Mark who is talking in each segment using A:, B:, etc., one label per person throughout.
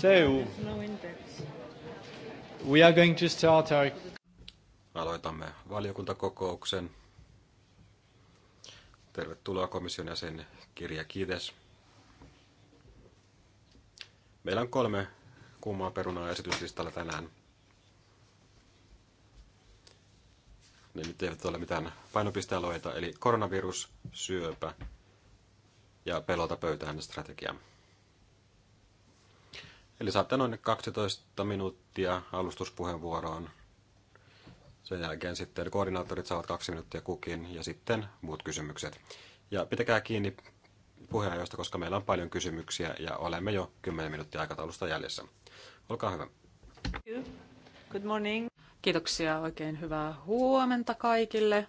A: So, we are going to start our...
B: Aloitamme valiokuntakokouksen. Tervetuloa komission jäsen Kirja Kiides. Meillä on kolme kummaa perunaa esityslistalla tänään. Ne nyt eivät ole mitään painopistealueita, eli koronavirus, syöpä ja pelota pöytään strategia. Eli saatte noin 12 minuuttia alustuspuheenvuoroon. Sen jälkeen sitten koordinaattorit saavat kaksi minuuttia kukin ja sitten muut kysymykset. Ja pitäkää kiinni puheenajoista, koska meillä on paljon kysymyksiä ja olemme jo 10 minuuttia aikataulusta jäljessä. Olkaa hyvä.
C: Good morning. Kiitoksia, oikein hyvää huomenta kaikille.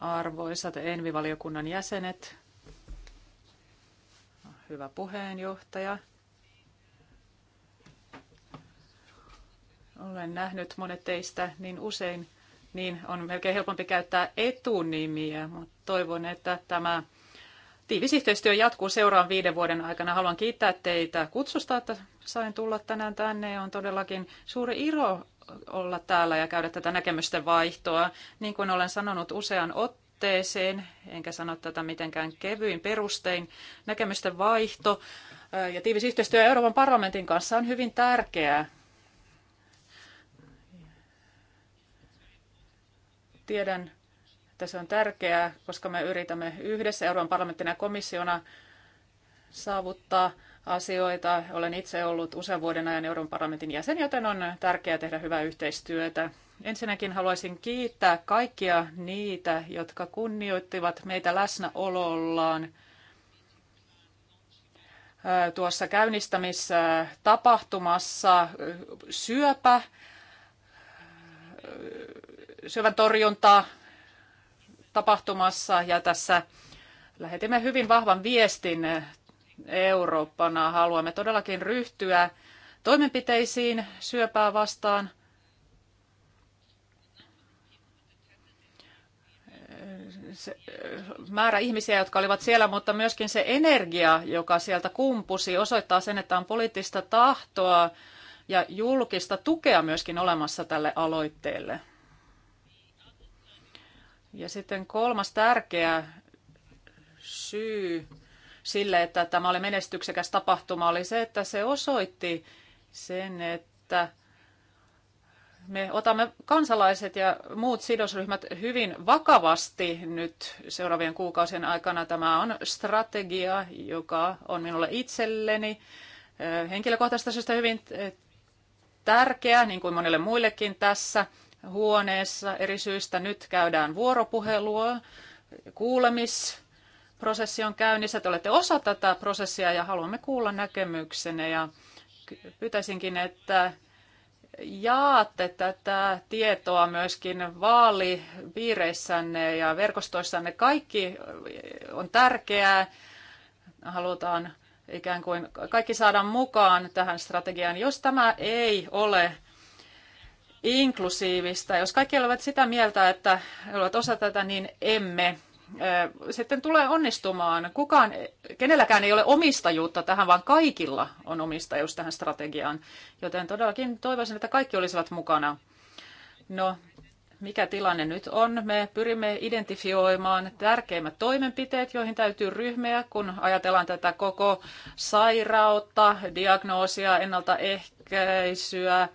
C: Arvoisat Envi-valiokunnan jäsenet, hyvä puheenjohtaja. Olen nähnyt monet teistä niin usein, niin on melkein helpompi käyttää etunimiä, mutta toivon, että tämä tiivis yhteistyö jatkuu seuraavan viiden vuoden aikana. Haluan kiittää teitä kutsusta, että sain tulla tänään tänne. On todellakin suuri ilo olla täällä ja käydä tätä näkemysten vaihtoa. Niin kuin olen sanonut usean otteen, otteeseen, enkä sano tätä mitenkään kevyin perustein. Näkemysten vaihto äh, ja tiivis yhteistyö Euroopan parlamentin kanssa on hyvin tärkeää. Tiedän, että se on tärkeää, koska me yritämme yhdessä Euroopan parlamenttina ja komissiona saavuttaa asioita. Olen itse ollut usean vuoden ajan Euroopan parlamentin jäsen, joten on tärkeää tehdä hyvää yhteistyötä. Ensinnäkin haluaisin kiittää kaikkia niitä, jotka kunnioittivat meitä läsnäolollaan tuossa käynnistämissä tapahtumassa syöpä, syövän torjunta tapahtumassa ja tässä lähetimme hyvin vahvan viestin Eurooppana. Haluamme todellakin ryhtyä toimenpiteisiin syöpää vastaan se määrä ihmisiä, jotka olivat siellä, mutta myöskin se energia, joka sieltä kumpusi, osoittaa sen, että on poliittista tahtoa ja julkista tukea myöskin olemassa tälle aloitteelle. Ja sitten kolmas tärkeä syy sille, että tämä oli menestyksekäs tapahtuma, oli se, että se osoitti sen, että me otamme kansalaiset ja muut sidosryhmät hyvin vakavasti nyt seuraavien kuukausien aikana. Tämä on strategia, joka on minulle itselleni eh, henkilökohtaisesti hyvin eh, tärkeä, niin kuin monille muillekin tässä huoneessa eri syistä. Nyt käydään vuoropuhelua, kuulemis, prosessi on käynnissä. Te olette osa tätä prosessia ja haluamme kuulla näkemyksenne ja pyytäisinkin, että jaatte tätä tietoa myöskin vaalipiireissänne ja verkostoissanne. Kaikki on tärkeää. Halutaan ikään kuin kaikki saada mukaan tähän strategiaan. Jos tämä ei ole inklusiivista, jos kaikki olivat sitä mieltä, että ovat osa tätä, niin emme sitten tulee onnistumaan. Kukaan, kenelläkään ei ole omistajuutta tähän, vaan kaikilla on omistajuus tähän strategiaan. Joten todellakin toivoisin, että kaikki olisivat mukana. No, mikä tilanne nyt on? Me pyrimme identifioimaan tärkeimmät toimenpiteet, joihin täytyy ryhmiä, kun ajatellaan tätä koko sairautta, diagnoosia, ennaltaehkäisyä,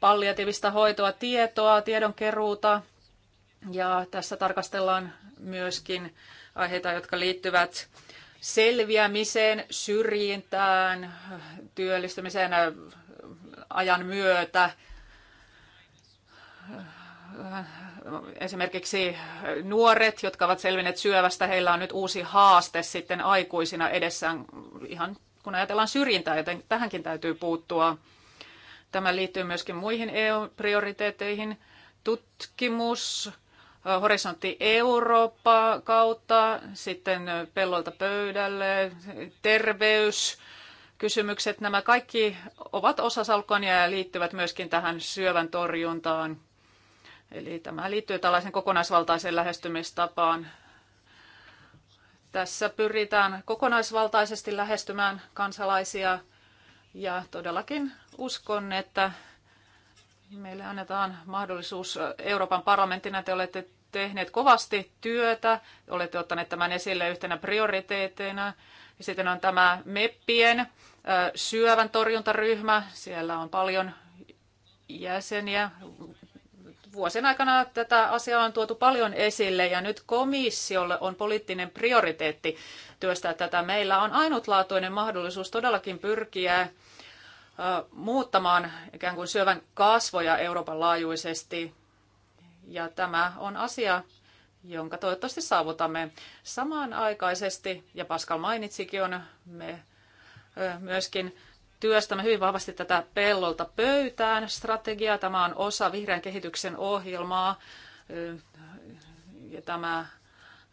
C: palliatiivista hoitoa, tietoa, tiedonkeruuta, ja tässä tarkastellaan myöskin aiheita, jotka liittyvät selviämiseen, syrjintään, työllistymiseen äh, ajan myötä. Äh, esimerkiksi nuoret, jotka ovat selvinneet syövästä, heillä on nyt uusi haaste sitten aikuisina edessään, ihan kun ajatellaan syrjintää, joten tähänkin täytyy puuttua. Tämä liittyy myöskin muihin EU-prioriteetteihin. Tutkimus, Horisontti Eurooppa kautta, sitten pellolta pöydälle, terveys, kysymykset, nämä kaikki ovat osa salkonia ja liittyvät myöskin tähän syövän torjuntaan. Eli tämä liittyy tällaisen kokonaisvaltaisen lähestymistapaan. Tässä pyritään kokonaisvaltaisesti lähestymään kansalaisia ja todellakin uskon, että Meille annetaan mahdollisuus Euroopan parlamenttina. Te olette tehneet kovasti työtä, olette ottaneet tämän esille yhtenä prioriteetteina. Ja sitten on tämä MEPPien syövän torjuntaryhmä. Siellä on paljon jäseniä. Vuosien aikana tätä asiaa on tuotu paljon esille ja nyt komissiolle on poliittinen prioriteetti työstää tätä. Meillä on ainutlaatuinen mahdollisuus todellakin pyrkiä muuttamaan ikään kuin syövän kasvoja Euroopan laajuisesti. Ja tämä on asia, jonka toivottavasti saavutamme samanaikaisesti. Ja Pascal mainitsikin on, me myöskin työstämme hyvin vahvasti tätä pellolta pöytään strategiaa. Tämä on osa vihreän kehityksen ohjelmaa. Ja tämä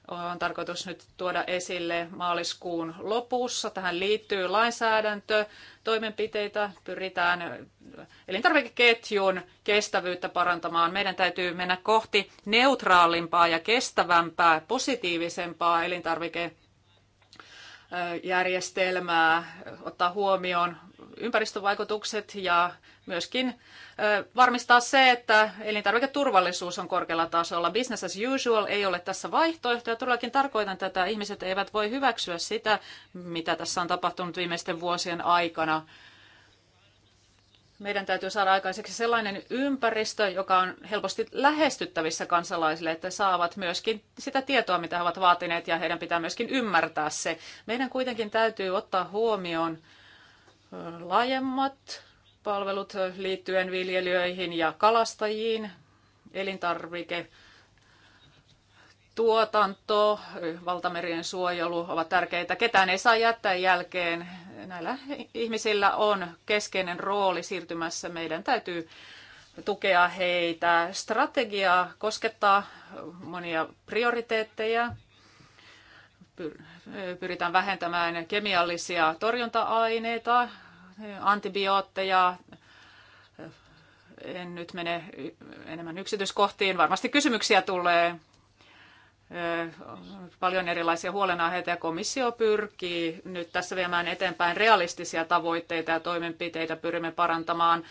C: on tarkoitus nyt tuoda esille maaliskuun lopussa. Tähän liittyy lainsäädäntö, toimenpiteitä, pyritään elintarvikeketjun kestävyyttä parantamaan. Meidän täytyy mennä kohti neutraalimpaa ja kestävämpää, positiivisempaa elintarvikejärjestelmää, ottaa huomioon ympäristövaikutukset ja myöskin varmistaa se, että elintarviketurvallisuus on korkealla tasolla. Business as usual ei ole tässä vaihtoehtoja. todellakin tarkoitan tätä. Ihmiset eivät voi hyväksyä sitä, mitä tässä on tapahtunut viimeisten vuosien aikana. Meidän täytyy saada aikaiseksi sellainen ympäristö, joka on helposti lähestyttävissä kansalaisille, että saavat myöskin sitä tietoa, mitä he ovat vaatineet, ja heidän pitää myöskin ymmärtää se. Meidän kuitenkin täytyy ottaa huomioon laajemmat palvelut liittyen viljelijöihin ja kalastajiin, elintarvike, tuotanto, valtamerien suojelu ovat tärkeitä. Ketään ei saa jättää jälkeen. Näillä ihmisillä on keskeinen rooli siirtymässä. Meidän täytyy tukea heitä. Strategia koskettaa monia prioriteetteja. Pyritään vähentämään kemiallisia torjunta-aineita, antibiootteja. En nyt mene enemmän yksityiskohtiin. Varmasti kysymyksiä tulee. Paljon erilaisia huolenaiheita ja komissio pyrkii nyt tässä viemään eteenpäin realistisia tavoitteita ja toimenpiteitä. Pyrimme parantamaan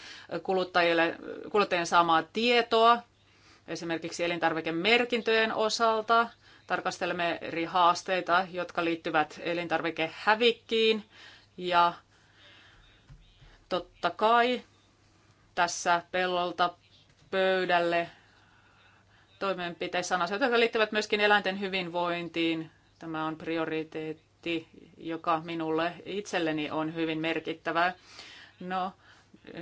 C: kuluttajille, kuluttajien saamaa tietoa esimerkiksi elintarvikemerkintöjen osalta tarkastelemme eri haasteita, jotka liittyvät elintarvikehävikkiin ja Totta kai tässä pellolta pöydälle toimenpiteissä on asioita, jotka liittyvät myöskin eläinten hyvinvointiin. Tämä on prioriteetti, joka minulle itselleni on hyvin merkittävä. No,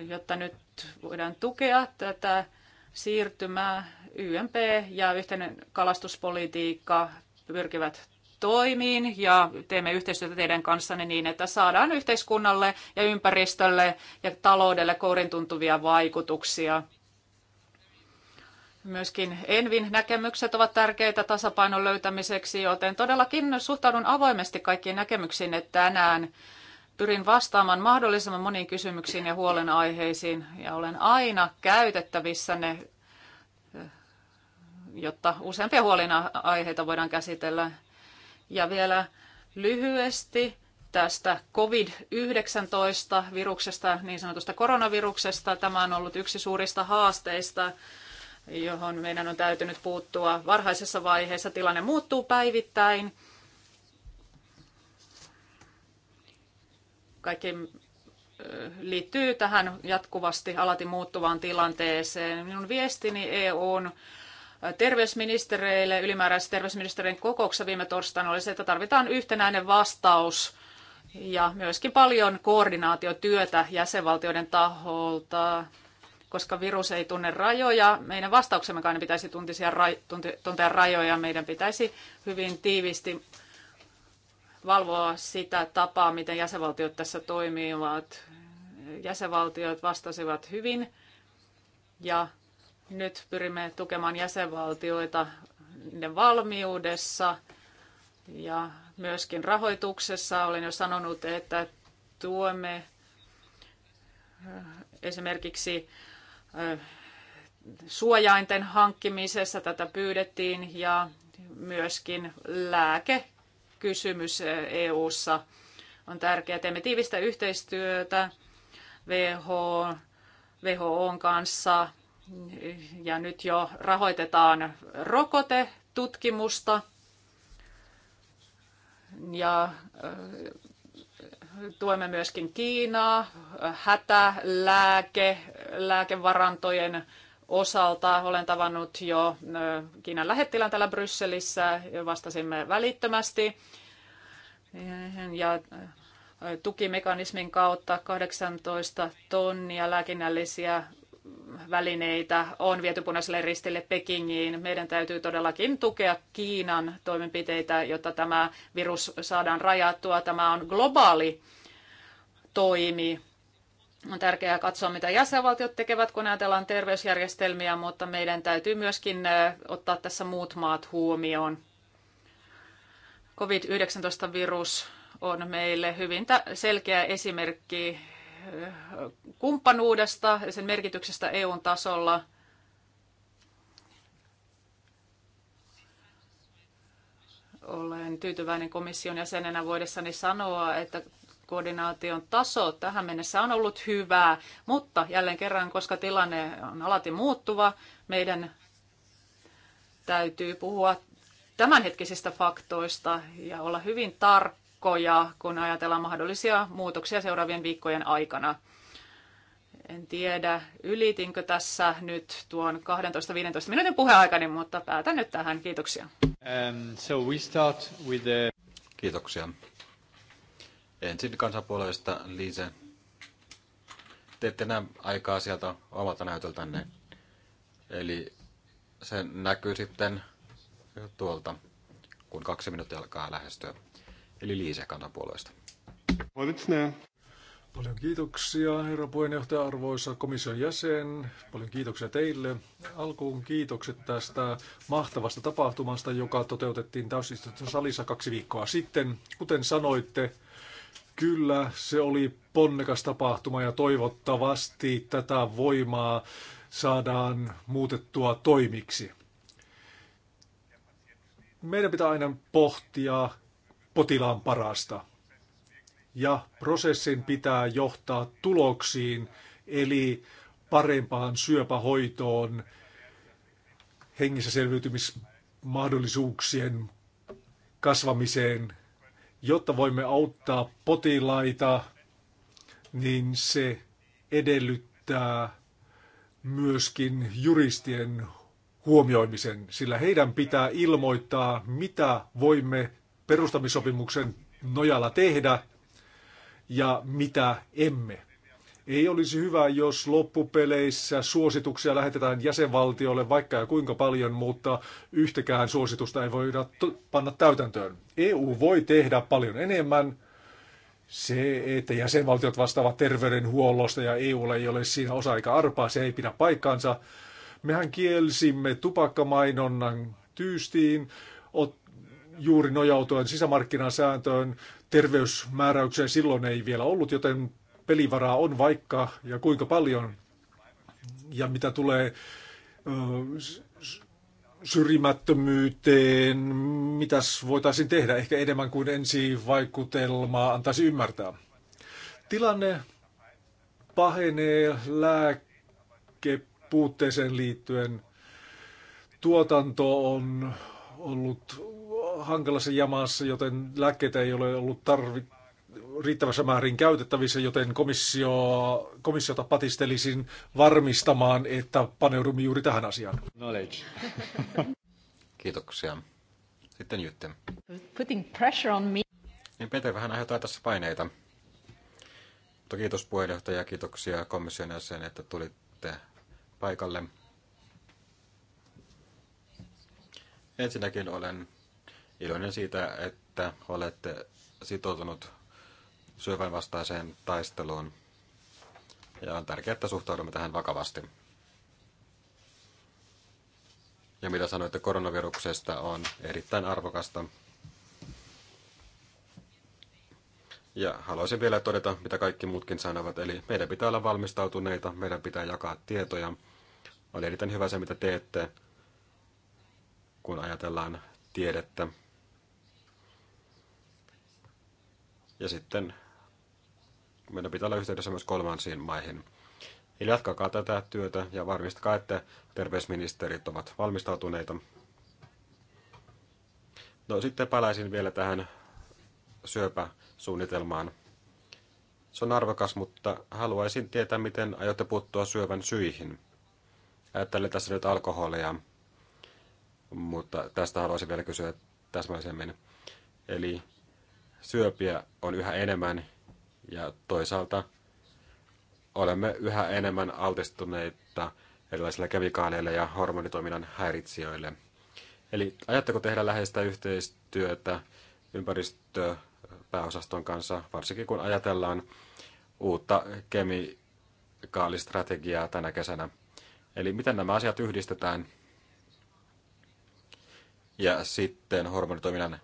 C: jotta nyt voidaan tukea tätä siirtymää, YMP ja yhteinen kalastuspolitiikka pyrkivät toimiin ja teemme yhteistyötä teidän kanssanne niin, että saadaan yhteiskunnalle ja ympäristölle ja taloudelle kourin tuntuvia vaikutuksia. Myöskin Envin näkemykset ovat tärkeitä tasapainon löytämiseksi, joten todellakin suhtaudun avoimesti kaikkiin näkemyksiin että tänään. Pyrin vastaamaan mahdollisimman moniin kysymyksiin ja huolenaiheisiin ja olen aina käytettävissänne jotta useampia huolina aiheita voidaan käsitellä. Ja vielä lyhyesti tästä COVID-19-viruksesta, niin sanotusta koronaviruksesta. Tämä on ollut yksi suurista haasteista, johon meidän on täytynyt puuttua varhaisessa vaiheessa. Tilanne muuttuu päivittäin. Kaikki liittyy tähän jatkuvasti alati muuttuvaan tilanteeseen. Minun viestini EUn terveysministereille ylimääräisessä terveysministerien kokouksessa viime torstaina oli se, että tarvitaan yhtenäinen vastaus ja myöskin paljon koordinaatiotyötä jäsenvaltioiden taholta, koska virus ei tunne rajoja. Meidän vastauksemmekaan pitäisi tuntisia, tuntea rajoja. Meidän pitäisi hyvin tiivisti valvoa sitä tapaa, miten jäsenvaltiot tässä toimivat. Jäsenvaltiot vastasivat hyvin ja nyt pyrimme tukemaan jäsenvaltioita niiden valmiudessa ja myöskin rahoituksessa. Olen jo sanonut, että tuemme äh, esimerkiksi äh, suojainten hankkimisessa tätä pyydettiin ja myöskin lääkekysymys äh, EU:ssa on tärkeä. Teemme tiivistä yhteistyötä WHO, WHOn kanssa ja nyt jo rahoitetaan rokotetutkimusta ja tuemme myöskin Kiinaa hätälääke, lääkevarantojen osalta. Olen tavannut jo Kiinan lähettilän täällä Brysselissä ja vastasimme välittömästi. Ja tukimekanismin kautta 18 tonnia lääkinnällisiä välineitä on viety punaiselle ristille Pekingiin. Meidän täytyy todellakin tukea Kiinan toimenpiteitä, jotta tämä virus saadaan rajattua. Tämä on globaali toimi. On tärkeää katsoa, mitä jäsenvaltiot tekevät, kun ajatellaan terveysjärjestelmiä, mutta meidän täytyy myöskin ottaa tässä muut maat huomioon. COVID-19-virus on meille hyvin selkeä esimerkki kumppanuudesta ja sen merkityksestä EUn tasolla. Olen tyytyväinen komission jäsenenä voidessani sanoa, että koordinaation taso tähän mennessä on ollut hyvää, mutta jälleen kerran, koska tilanne on alati muuttuva, meidän täytyy puhua tämänhetkisistä faktoista ja olla hyvin tarkka viikkoja, kun ajatellaan mahdollisia muutoksia seuraavien viikkojen aikana. En tiedä, ylitinkö tässä nyt tuon 12-15 minuutin puheaikani, mutta päätän nyt tähän. Kiitoksia.
B: Um, so we start with the... Kiitoksia. Ensin kansanpuolueesta Liise. Teette enää aikaa sieltä omalta näytöltänne. Eli se näkyy sitten tuolta, kun kaksi minuuttia alkaa lähestyä eli Liise kansanpuolueesta.
A: Paljon kiitoksia, herra puheenjohtaja, arvoisa komission jäsen. Paljon kiitoksia teille. Alkuun kiitokset tästä mahtavasta tapahtumasta, joka toteutettiin täysistuntosalissa kaksi viikkoa sitten. Kuten sanoitte, kyllä se oli ponnekas tapahtuma ja toivottavasti tätä voimaa saadaan muutettua toimiksi. Meidän pitää aina pohtia potilaan parasta. Ja prosessin pitää johtaa tuloksiin, eli parempaan syöpähoitoon, hengissä selviytymismahdollisuuksien kasvamiseen, jotta voimme auttaa potilaita, niin se edellyttää myöskin juristien huomioimisen, sillä heidän pitää ilmoittaa, mitä voimme perustamissopimuksen nojalla tehdä ja mitä emme. Ei olisi hyvä, jos loppupeleissä suosituksia lähetetään jäsenvaltiolle vaikka ja kuinka paljon, mutta yhtäkään suositusta ei voida panna täytäntöön. EU voi tehdä paljon enemmän. Se, että jäsenvaltiot vastaavat terveydenhuollosta ja EUlla ei ole siinä osa aika arpaa, se ei pidä paikkaansa. Mehän kielsimme tupakkamainonnan tyystiin, ot- juuri nojautuen sisämarkkinasääntöön, terveysmääräykseen silloin ei vielä ollut, joten pelivaraa on vaikka ja kuinka paljon. Ja mitä tulee syrjimättömyyteen, mitäs voitaisiin tehdä ehkä enemmän kuin ensi vaikutelmaa antaisi ymmärtää. Tilanne pahenee lääkepuutteeseen liittyen. Tuotanto on ollut hankalassa jamassa, joten lääkkeitä ei ole ollut tarvi, riittävässä määrin käytettävissä, joten komissio, komissiota patistelisin varmistamaan, että paneudumme juuri tähän asiaan. Knowledge.
B: Kiitoksia. Sitten Jytte.
C: Putting pressure on me.
B: Niin Peter vähän aiheuttaa tässä paineita. Mutta kiitos puheenjohtaja ja kiitoksia komission jäsen, että tulitte paikalle. Ensinnäkin olen iloinen siitä, että olette sitoutunut syövän vastaiseen taisteluun. Ja on tärkeää, että suhtaudumme tähän vakavasti. Ja mitä sanoitte koronaviruksesta on erittäin arvokasta. Ja haluaisin vielä todeta, mitä kaikki muutkin sanovat, eli meidän pitää olla valmistautuneita, meidän pitää jakaa tietoja. On erittäin hyvä se, mitä teette, kun ajatellaan tiedettä Ja sitten meidän pitää olla yhteydessä myös kolmansiin maihin. Eli jatkakaa tätä työtä ja varmistakaa, että terveysministerit ovat valmistautuneita. No sitten palaisin vielä tähän syöpäsuunnitelmaan. Se on arvokas, mutta haluaisin tietää, miten aiotte puuttua syövän syihin. Ajattelen tässä nyt alkoholia, mutta tästä haluaisin vielä kysyä täsmällisemmin. Eli syöpiä on yhä enemmän ja toisaalta olemme yhä enemmän altistuneita erilaisille kemikaaleille ja hormonitoiminnan häiritsijöille. Eli ajatteko tehdä läheistä yhteistyötä ympäristöpääosaston kanssa, varsinkin kun ajatellaan uutta kemikaalistrategiaa tänä kesänä? Eli miten nämä asiat yhdistetään? Ja sitten hormonitoiminnan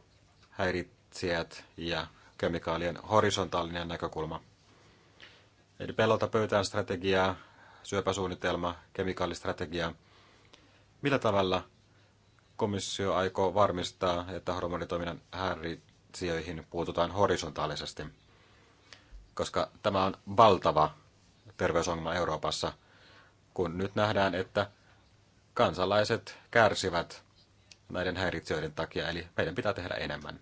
B: häiritsijöille sijat ja kemikaalien horisontaalinen näkökulma. Eli pellolta pöytään strategiaa, syöpäsuunnitelma, kemikaalistrategia. Millä tavalla komissio aikoo varmistaa, että hormonitoiminnan häiritsijöihin puututaan horisontaalisesti? Koska tämä on valtava terveysongelma Euroopassa, kun nyt nähdään, että kansalaiset kärsivät näiden häiritsijöiden takia, eli meidän pitää tehdä enemmän.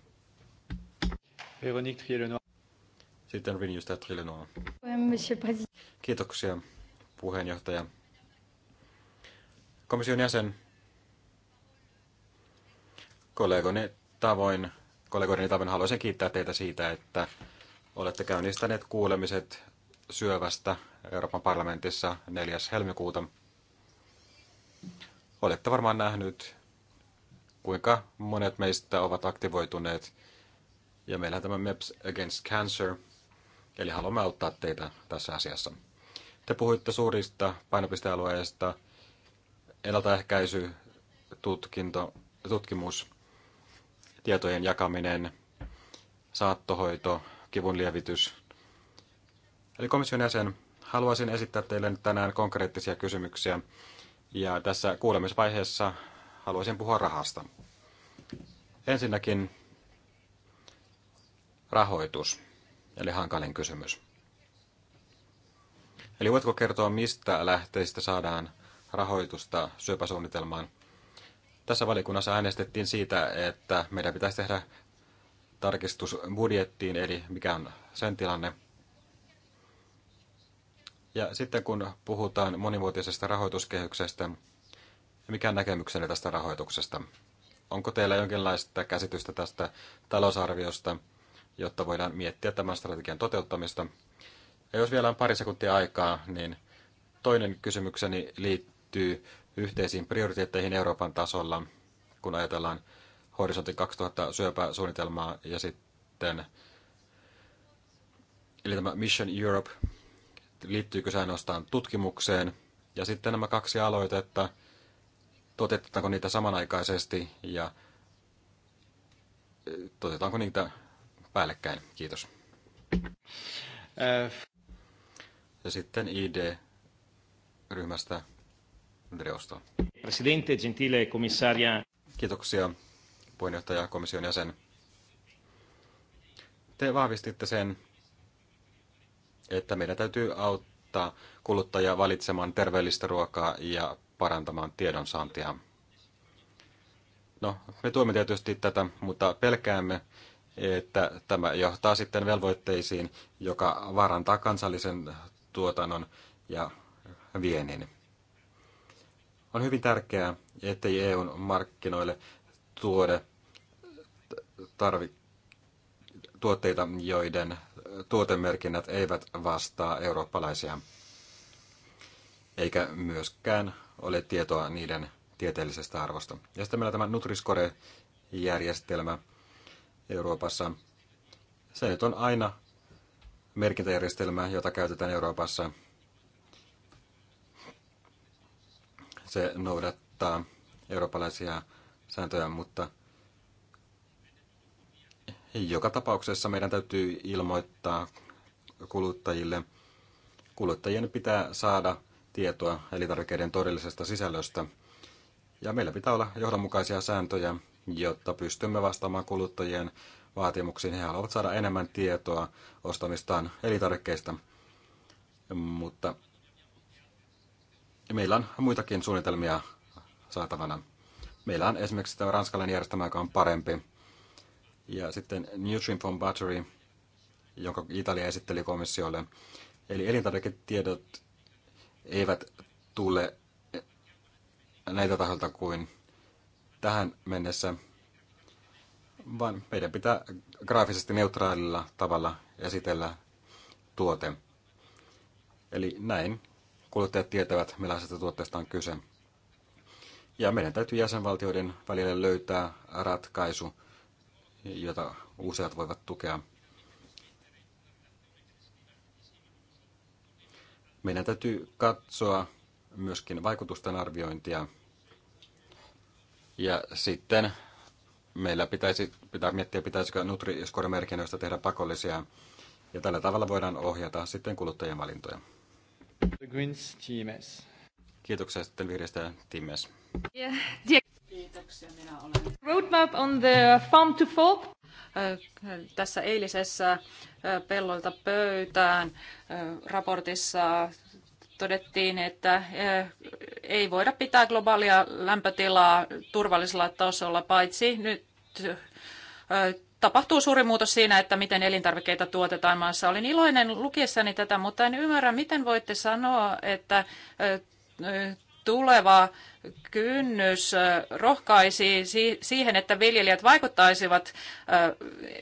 A: Véronique Trielenoa.
B: Sitten Vinjusta Trielenoa. Kiitoksia, puheenjohtaja. Komission jäsen, kollegoni tavoin, kollegoideni tavoin haluaisin kiittää teitä siitä, että olette käynnistäneet kuulemiset syövästä Euroopan parlamentissa 4. helmikuuta. Olette varmaan nähnyt, kuinka monet meistä ovat aktivoituneet – ja meillähän tämä MEPS Against Cancer, eli haluamme auttaa teitä tässä asiassa. Te puhuitte suurista painopistealueista, ennaltaehkäisy, tutkinto, tutkimus, tietojen jakaminen, saattohoito, kivunlievitys. Eli komission jäsen, haluaisin esittää teille nyt tänään konkreettisia kysymyksiä. Ja tässä kuulemisvaiheessa haluaisin puhua rahasta. Ensinnäkin rahoitus, eli hankalin kysymys. Eli voitko kertoa, mistä lähteistä saadaan rahoitusta syöpäsuunnitelmaan? Tässä valikunnassa äänestettiin siitä, että meidän pitäisi tehdä tarkistus budjettiin, eli mikä on sen tilanne. Ja sitten kun puhutaan monivuotisesta rahoituskehyksestä, mikä on näkemyksenne tästä rahoituksesta? Onko teillä jonkinlaista käsitystä tästä talousarviosta? jotta voidaan miettiä tämän strategian toteuttamista. Ja jos vielä on pari sekuntia aikaa, niin toinen kysymykseni liittyy yhteisiin prioriteetteihin Euroopan tasolla, kun ajatellaan Horisontin 2000 syöpäsuunnitelmaa ja sitten eli tämä Mission Europe, liittyykö se ainoastaan tutkimukseen, ja sitten nämä kaksi aloitetta, toteutetaanko niitä samanaikaisesti ja eh, toteutetaanko niitä päällekkäin. Kiitos. Ja sitten ID-ryhmästä Dreosto. Presidente, gentile komissaria. Kiitoksia puheenjohtaja komission jäsen. Te vahvistitte sen, että meidän täytyy auttaa kuluttajia valitsemaan terveellistä ruokaa ja parantamaan tiedonsaantia. No, me tuomme tietysti tätä, mutta pelkäämme, että tämä johtaa sitten velvoitteisiin, joka varantaa kansallisen tuotannon ja viennin. On hyvin tärkeää, ettei EUn markkinoille tuoda tarvi, tuotteita, joiden tuotemerkinnät eivät vastaa eurooppalaisia, eikä myöskään ole tietoa niiden tieteellisestä arvosta. Ja sitten meillä on tämä Nutriscore-järjestelmä, Euroopassa. Se nyt on aina merkintäjärjestelmä, jota käytetään Euroopassa. Se noudattaa eurooppalaisia sääntöjä, mutta joka tapauksessa meidän täytyy ilmoittaa kuluttajille. Kuluttajien pitää saada tietoa elintarvikkeiden todellisesta sisällöstä. Ja meillä pitää olla johdonmukaisia sääntöjä, jotta pystymme vastaamaan kuluttajien vaatimuksiin. He haluavat saada enemmän tietoa ostamistaan elintarvikkeista, mutta meillä on muitakin suunnitelmia saatavana. Meillä on esimerkiksi tämä ranskalainen järjestelmä, joka on parempi. Ja sitten Nutrient from Battery, jonka Italia esitteli komissiolle. Eli elintarviketiedot eivät tule näitä taholta kuin tähän mennessä, vaan meidän pitää graafisesti neutraalilla tavalla esitellä tuote. Eli näin kuluttajat tietävät, millaisesta tuotteesta on kyse. Ja meidän täytyy jäsenvaltioiden välillä löytää ratkaisu, jota useat voivat tukea. Meidän täytyy katsoa myöskin vaikutusten arviointia ja sitten meillä pitäisi pitää miettiä, pitäisikö nutri merkinnöistä tehdä pakollisia. Ja tällä tavalla voidaan ohjata sitten kuluttajien valintoja. Greens Kiitoksia sitten vihreistä Times. Yeah.
C: Kiitoksia, minä olen. Roadmap on the farm to fork. Äh, tässä eilisessä äh, pellolta pöytään äh, raportissa todettiin, että ei voida pitää globaalia lämpötilaa turvallisella tasolla, paitsi nyt tapahtuu suuri muutos siinä, että miten elintarvikkeita tuotetaan maassa. Olin iloinen lukiessani tätä, mutta en ymmärrä, miten voitte sanoa, että tuleva kynnys rohkaisi siihen, että viljelijät vaikuttaisivat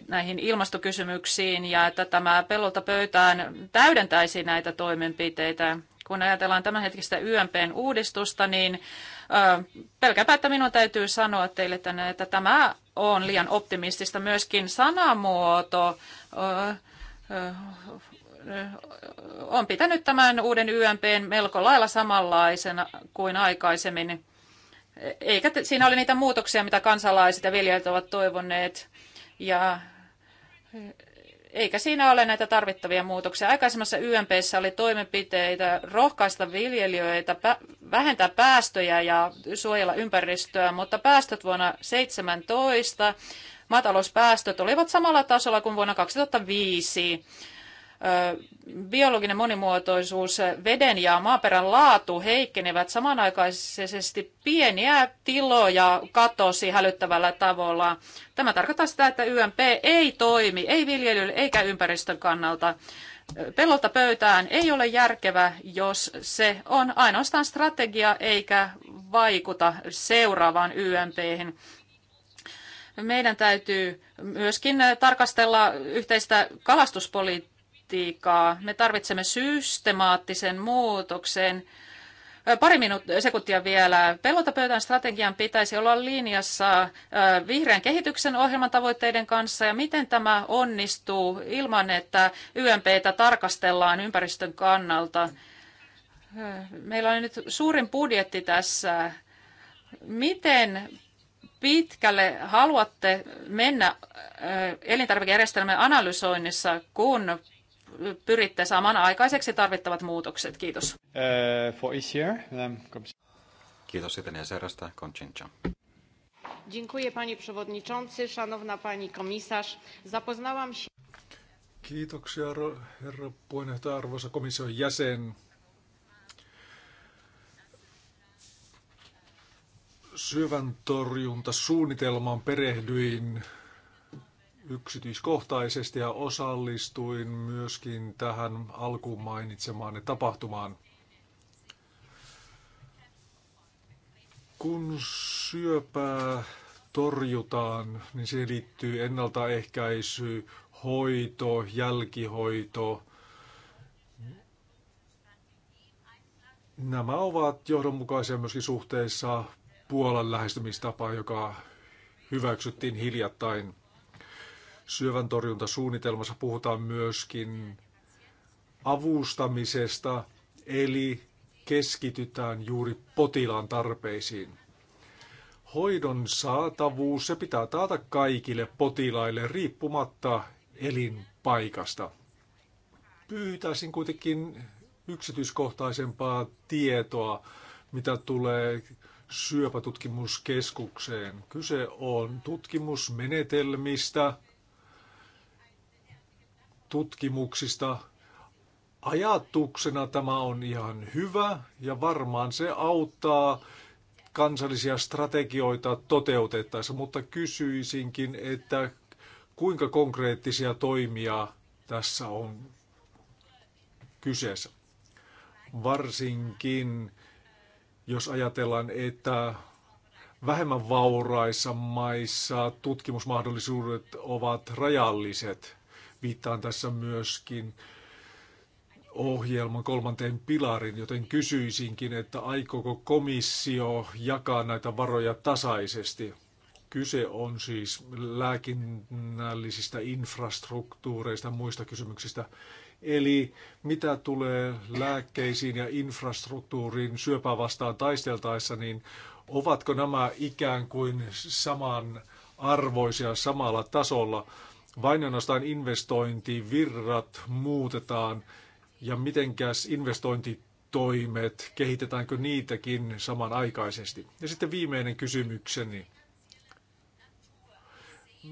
C: näihin ilmastokysymyksiin ja että tämä pellolta pöytään täydentäisi näitä toimenpiteitä kun ajatellaan tämänhetkistä YMPn uudistusta, niin pelkäpä, että minun täytyy sanoa teille tänne, että tämä on liian optimistista. Myöskin sanamuoto on pitänyt tämän uuden YMPn melko lailla samanlaisena kuin aikaisemmin. Eikä siinä ole niitä muutoksia, mitä kansalaiset ja viljelijät ovat toivoneet. Ja eikä siinä ole näitä tarvittavia muutoksia. Aikaisemmassa YMPssä oli toimenpiteitä rohkaista viljelijöitä vähentää päästöjä ja suojella ympäristöä, mutta päästöt vuonna 2017, matalouspäästöt olivat samalla tasolla kuin vuonna 2005 biologinen monimuotoisuus, veden ja maaperän laatu heikkenevät samanaikaisesti pieniä tiloja katosi hälyttävällä tavalla. Tämä tarkoittaa sitä, että YMP ei toimi, ei viljelylle eikä ympäristön kannalta. Pelolta pöytään ei ole järkevä, jos se on ainoastaan strategia eikä vaikuta seuraavaan YMP. -hän meidän täytyy myöskin tarkastella yhteistä kalastuspolitiikkaa politiikkaa. Me tarvitsemme systemaattisen muutoksen. Pari minuut- sekuntia vielä. pelota pöytään strategian pitäisi olla linjassa vihreän kehityksen ohjelman tavoitteiden kanssa ja miten tämä onnistuu ilman, että YMPtä tarkastellaan ympäristön kannalta. Meillä on nyt suurin budjetti tässä. Miten pitkälle haluatte mennä elintarvikejärjestelmän analysoinnissa, kun pyritte saamaan aikaiseksi tarvittavat muutokset. Kiitos.
B: Uh, for Kiitos sitten ECRstä, Konchincha.
C: Dziękuję panie przewodniczący, szanowna pani komisarz. Zapoznałam się...
A: Kiitoksia herra puheenjohtaja, arvoisa komission jäsen. Syövän torjuntasuunnitelmaan perehdyin yksityiskohtaisesti ja osallistuin myöskin tähän alkuun mainitsemaan tapahtumaan. Kun syöpää torjutaan, niin siihen liittyy ennaltaehkäisy, hoito, jälkihoito. Nämä ovat johdonmukaisia myöskin suhteessa Puolan lähestymistapaan, joka hyväksyttiin hiljattain. Syövän torjuntasuunnitelmassa puhutaan myöskin avustamisesta, eli keskitytään juuri potilaan tarpeisiin. Hoidon saatavuus, se pitää taata kaikille potilaille riippumatta elinpaikasta. Pyytäisin kuitenkin yksityiskohtaisempaa tietoa, mitä tulee syöpätutkimuskeskukseen. Kyse on tutkimusmenetelmistä, tutkimuksista. Ajatuksena tämä on ihan hyvä ja varmaan se auttaa kansallisia strategioita toteutettaessa, mutta kysyisinkin, että kuinka konkreettisia toimia tässä on kyseessä. Varsinkin jos ajatellaan, että vähemmän vauraissa maissa tutkimusmahdollisuudet ovat rajalliset. Viittaan tässä myöskin ohjelman kolmanteen pilarin, joten kysyisinkin, että aikooko komissio jakaa näitä varoja tasaisesti? Kyse on siis lääkinnällisistä infrastruktuureista ja muista kysymyksistä. Eli mitä tulee lääkkeisiin ja infrastruktuuriin syöpää vastaan taisteltaessa, niin ovatko nämä ikään kuin saman arvoisia samalla tasolla? vain ainoastaan investointivirrat muutetaan ja mitenkäs investointitoimet, kehitetäänkö niitäkin samanaikaisesti? Ja sitten viimeinen kysymykseni.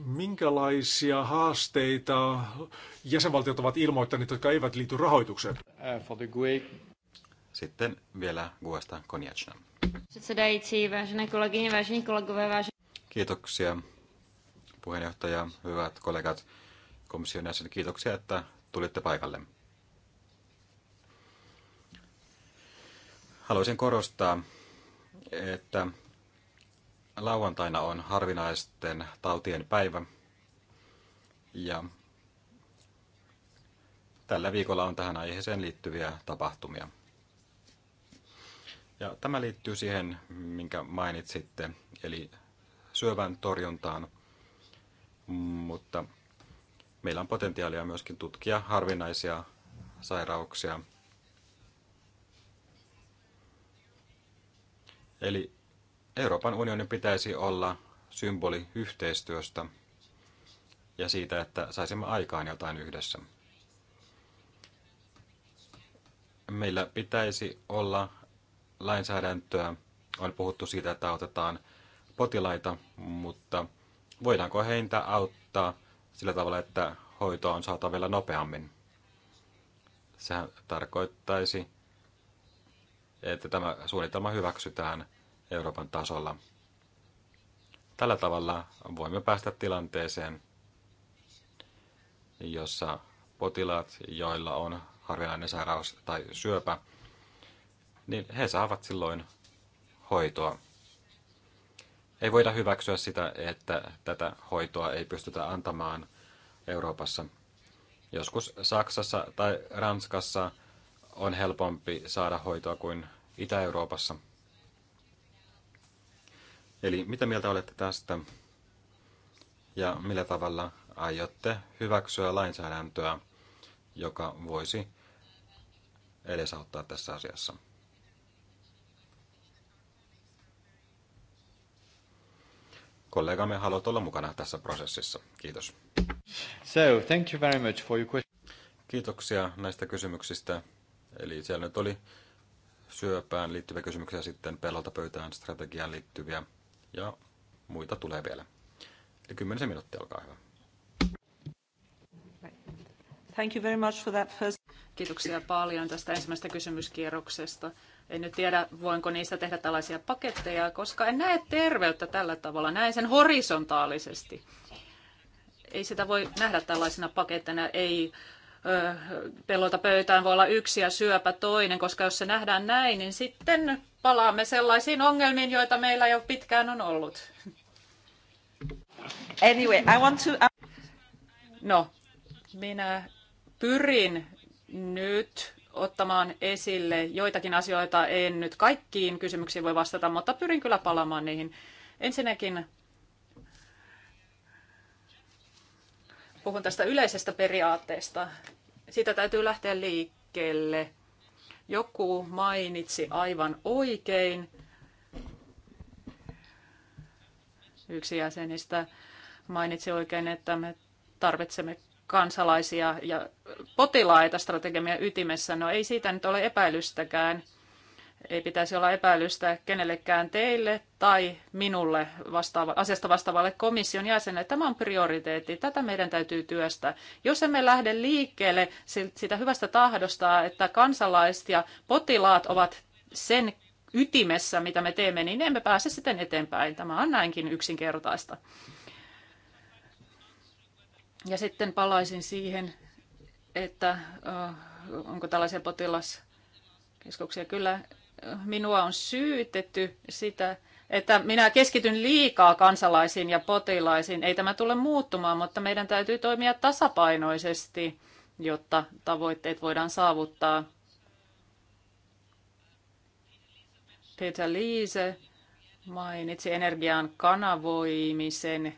A: Minkälaisia haasteita jäsenvaltiot ovat ilmoittaneet, jotka eivät liity rahoitukseen?
B: Uh, sitten vielä Guesta Konjačna. Kiitoksia puheenjohtaja, hyvät kollegat, komission jäsen, kiitoksia, että tulitte paikalle. Haluaisin korostaa, että lauantaina on harvinaisten tautien päivä ja tällä viikolla on tähän aiheeseen liittyviä tapahtumia. Ja tämä liittyy siihen, minkä mainitsitte, eli syövän torjuntaan – mutta meillä on potentiaalia myöskin tutkia harvinaisia sairauksia. Eli Euroopan unionin pitäisi olla symboli yhteistyöstä ja siitä, että saisimme aikaan jotain yhdessä. Meillä pitäisi olla lainsäädäntöä. On puhuttu siitä, että autetaan potilaita, mutta voidaanko heitä auttaa sillä tavalla, että hoitoa on vielä nopeammin. Sehän tarkoittaisi, että tämä suunnitelma hyväksytään Euroopan tasolla. Tällä tavalla voimme päästä tilanteeseen, jossa potilaat, joilla on harvinainen sairaus tai syöpä, niin he saavat silloin hoitoa. Ei voida hyväksyä sitä, että tätä hoitoa ei pystytä antamaan Euroopassa. Joskus Saksassa tai Ranskassa on helpompi saada hoitoa kuin Itä-Euroopassa. Eli mitä mieltä olette tästä ja millä tavalla aiotte hyväksyä lainsäädäntöä, joka voisi edesauttaa tässä asiassa? kollegamme haluavat olla mukana tässä prosessissa. Kiitos. So, thank you very much for your Kiitoksia näistä kysymyksistä. Eli siellä nyt oli syöpään liittyviä kysymyksiä, sitten pelolta pöytään strategiaan liittyviä ja muita tulee vielä. Eli kymmenisen minuuttia, olkaa hyvä.
C: Thank you very much for that first... Kiitoksia paljon tästä ensimmäisestä kysymyskierroksesta. En nyt tiedä, voinko niistä tehdä tällaisia paketteja, koska en näe terveyttä tällä tavalla. Näen sen horisontaalisesti. Ei sitä voi nähdä tällaisena pakettina. Ei ö, pelota pöytään voi olla yksi ja syöpä toinen, koska jos se nähdään näin, niin sitten palaamme sellaisiin ongelmiin, joita meillä jo pitkään on ollut. Anyway, I want to... No, minä pyrin nyt ottamaan esille joitakin asioita. En nyt kaikkiin kysymyksiin voi vastata, mutta pyrin kyllä palaamaan niihin. Ensinnäkin puhun tästä yleisestä periaatteesta. Sitä täytyy lähteä liikkeelle. Joku mainitsi aivan oikein yksi jäsenistä mainitsi oikein, että me tarvitsemme kansalaisia ja potilaita strategian ytimessä. No ei siitä nyt ole epäilystäkään. Ei pitäisi olla epäilystä kenellekään teille tai minulle vastaava, asiasta vastaavalle komission jäsenelle. Tämä on prioriteetti. Tätä meidän täytyy työstää. Jos emme lähde liikkeelle sitä hyvästä tahdosta, että kansalaiset ja potilaat ovat sen ytimessä, mitä me teemme, niin emme pääse sitten eteenpäin. Tämä on näinkin yksinkertaista. Ja sitten palaisin siihen, että äh, onko tällaisia potilaskeskuksia. Kyllä äh, minua on syytetty sitä, että minä keskityn liikaa kansalaisiin ja potilaisiin. Ei tämä tule muuttumaan, mutta meidän täytyy toimia tasapainoisesti, jotta tavoitteet voidaan saavuttaa. Peter Liise mainitsi energian kanavoimisen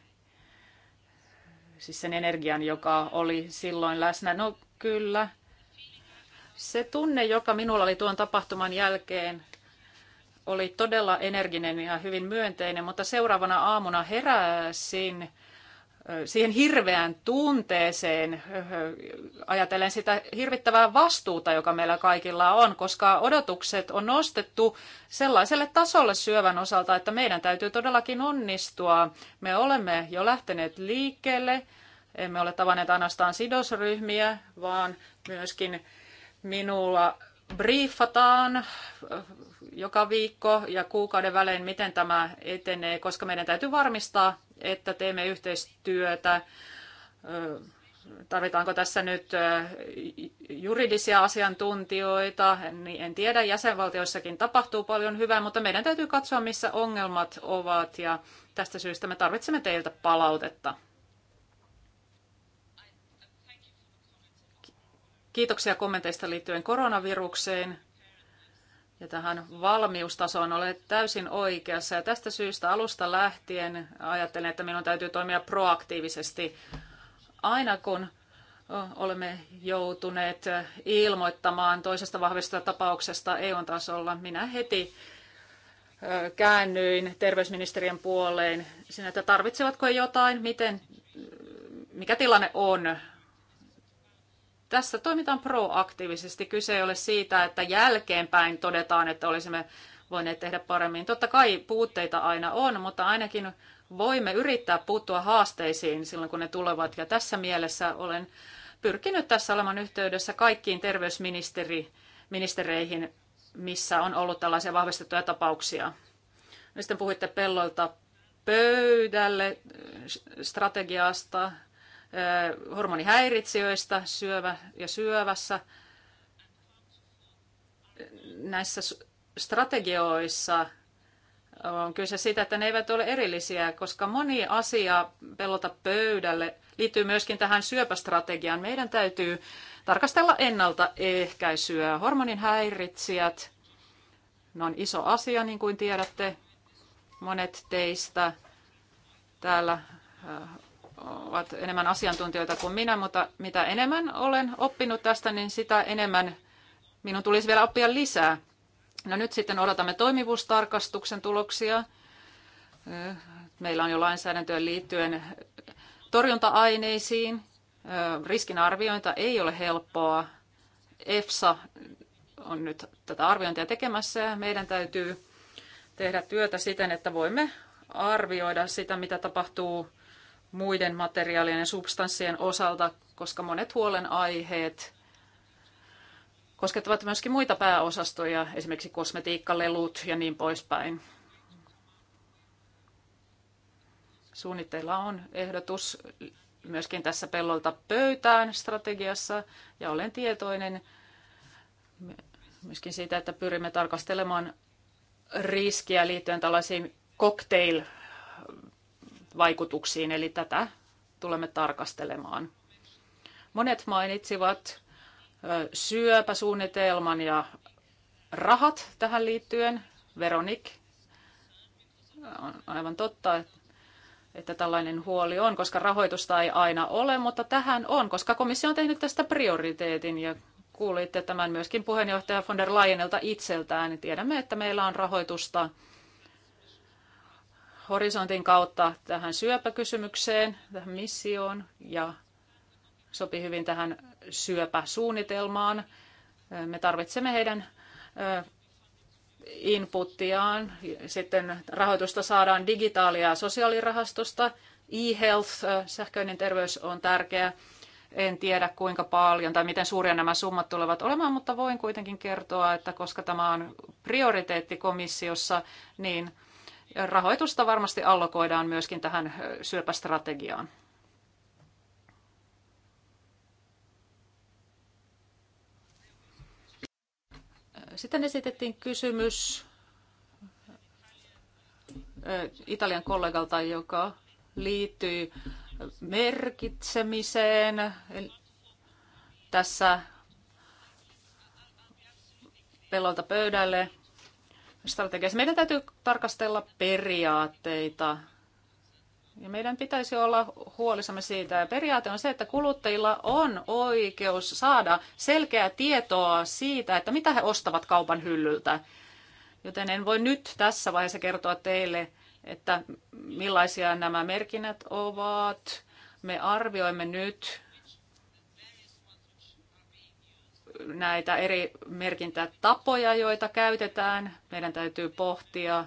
C: siis sen energian, joka oli silloin läsnä. No kyllä, se tunne, joka minulla oli tuon tapahtuman jälkeen, oli todella energinen ja hyvin myönteinen, mutta seuraavana aamuna heräsin siihen hirveään tunteeseen, ajatellen sitä hirvittävää vastuuta, joka meillä kaikilla on, koska odotukset on nostettu sellaiselle tasolle syövän osalta, että meidän täytyy todellakin onnistua. Me olemme jo lähteneet liikkeelle, emme ole tavanneet ainoastaan sidosryhmiä, vaan myöskin minulla briefataan joka viikko ja kuukauden välein, miten tämä etenee, koska meidän täytyy varmistaa että teemme yhteistyötä. Tarvitaanko tässä nyt juridisia asiantuntijoita? En tiedä, jäsenvaltioissakin tapahtuu paljon hyvää, mutta meidän täytyy katsoa, missä ongelmat ovat ja tästä syystä me tarvitsemme teiltä palautetta. Kiitoksia kommenteista liittyen koronavirukseen ja tähän valmiustasoon olet täysin oikeassa. Ja tästä syystä alusta lähtien ajattelen, että minun täytyy toimia proaktiivisesti. Aina kun olemme joutuneet ilmoittamaan toisesta vahvista tapauksesta EU-tasolla, minä heti käännyin terveysministeriön puoleen sinä että tarvitsevatko jotain, miten, mikä tilanne on. Tässä toimitaan proaktiivisesti. Kyse ei ole siitä, että jälkeenpäin todetaan, että olisimme voineet tehdä paremmin. Totta kai puutteita aina on, mutta ainakin voimme yrittää puuttua haasteisiin silloin, kun ne tulevat. Ja tässä mielessä olen pyrkinyt tässä olemaan yhteydessä kaikkiin terveysministereihin, missä on ollut tällaisia vahvistettuja tapauksia. No sitten puhuitte pellolta pöydälle äh, strategiasta hormonihäiritsijöistä syövä ja syövässä. Näissä strategioissa on kyse siitä, että ne eivät ole erillisiä, koska moni asia pelota pöydälle liittyy myöskin tähän syöpästrategiaan. Meidän täytyy tarkastella ennaltaehkäisyä. Hormonin häiritsijät, ne on iso asia, niin kuin tiedätte. Monet teistä täällä ovat enemmän asiantuntijoita kuin minä, mutta mitä enemmän olen oppinut tästä, niin sitä enemmän minun tulisi vielä oppia lisää. No nyt sitten odotamme toimivuustarkastuksen tuloksia. Meillä on jo lainsäädäntöön liittyen torjunta-aineisiin. Riskinarviointa ei ole helppoa. EFSA on nyt tätä arviointia tekemässä ja meidän täytyy tehdä työtä siten, että voimme arvioida sitä, mitä tapahtuu muiden materiaalien ja substanssien osalta, koska monet huolenaiheet koskettavat myöskin muita pääosastoja, esimerkiksi kosmetiikkalelut ja niin poispäin. Suunnitteilla on ehdotus myöskin tässä pellolta pöytään strategiassa ja olen tietoinen myöskin siitä, että pyrimme tarkastelemaan riskiä liittyen tällaisiin cocktail vaikutuksiin, eli tätä tulemme tarkastelemaan. Monet mainitsivat syöpäsuunnitelman ja rahat tähän liittyen. Veronik, on aivan totta, että tällainen huoli on, koska rahoitusta ei aina ole, mutta tähän on, koska komissio on tehnyt tästä prioriteetin ja kuulitte tämän myöskin puheenjohtaja von der Leyenilta itseltään. Tiedämme, että meillä on rahoitusta horisontin kautta tähän syöpäkysymykseen, tähän missioon ja sopi hyvin tähän syöpäsuunnitelmaan. Me tarvitsemme heidän inputtiaan. Sitten rahoitusta saadaan digitaalia sosiaalirahastosta. E-health, sähköinen terveys on tärkeä. En tiedä kuinka paljon tai miten suuria nämä summat tulevat olemaan, mutta voin kuitenkin kertoa, että koska tämä on prioriteetti komissiossa, niin rahoitusta varmasti allokoidaan myöskin tähän syöpästrategiaan. Sitten esitettiin kysymys Italian kollegalta, joka liittyy merkitsemiseen. Tässä pelolta pöydälle strategiassa. Meidän täytyy tarkastella periaatteita. Ja meidän pitäisi olla huolissamme siitä. Ja periaate on se, että kuluttajilla on oikeus saada selkeää tietoa siitä, että mitä he ostavat kaupan hyllyltä. Joten en voi nyt tässä vaiheessa kertoa teille, että millaisia nämä merkinnät ovat. Me arvioimme nyt näitä eri merkintätapoja, joita käytetään. Meidän täytyy pohtia,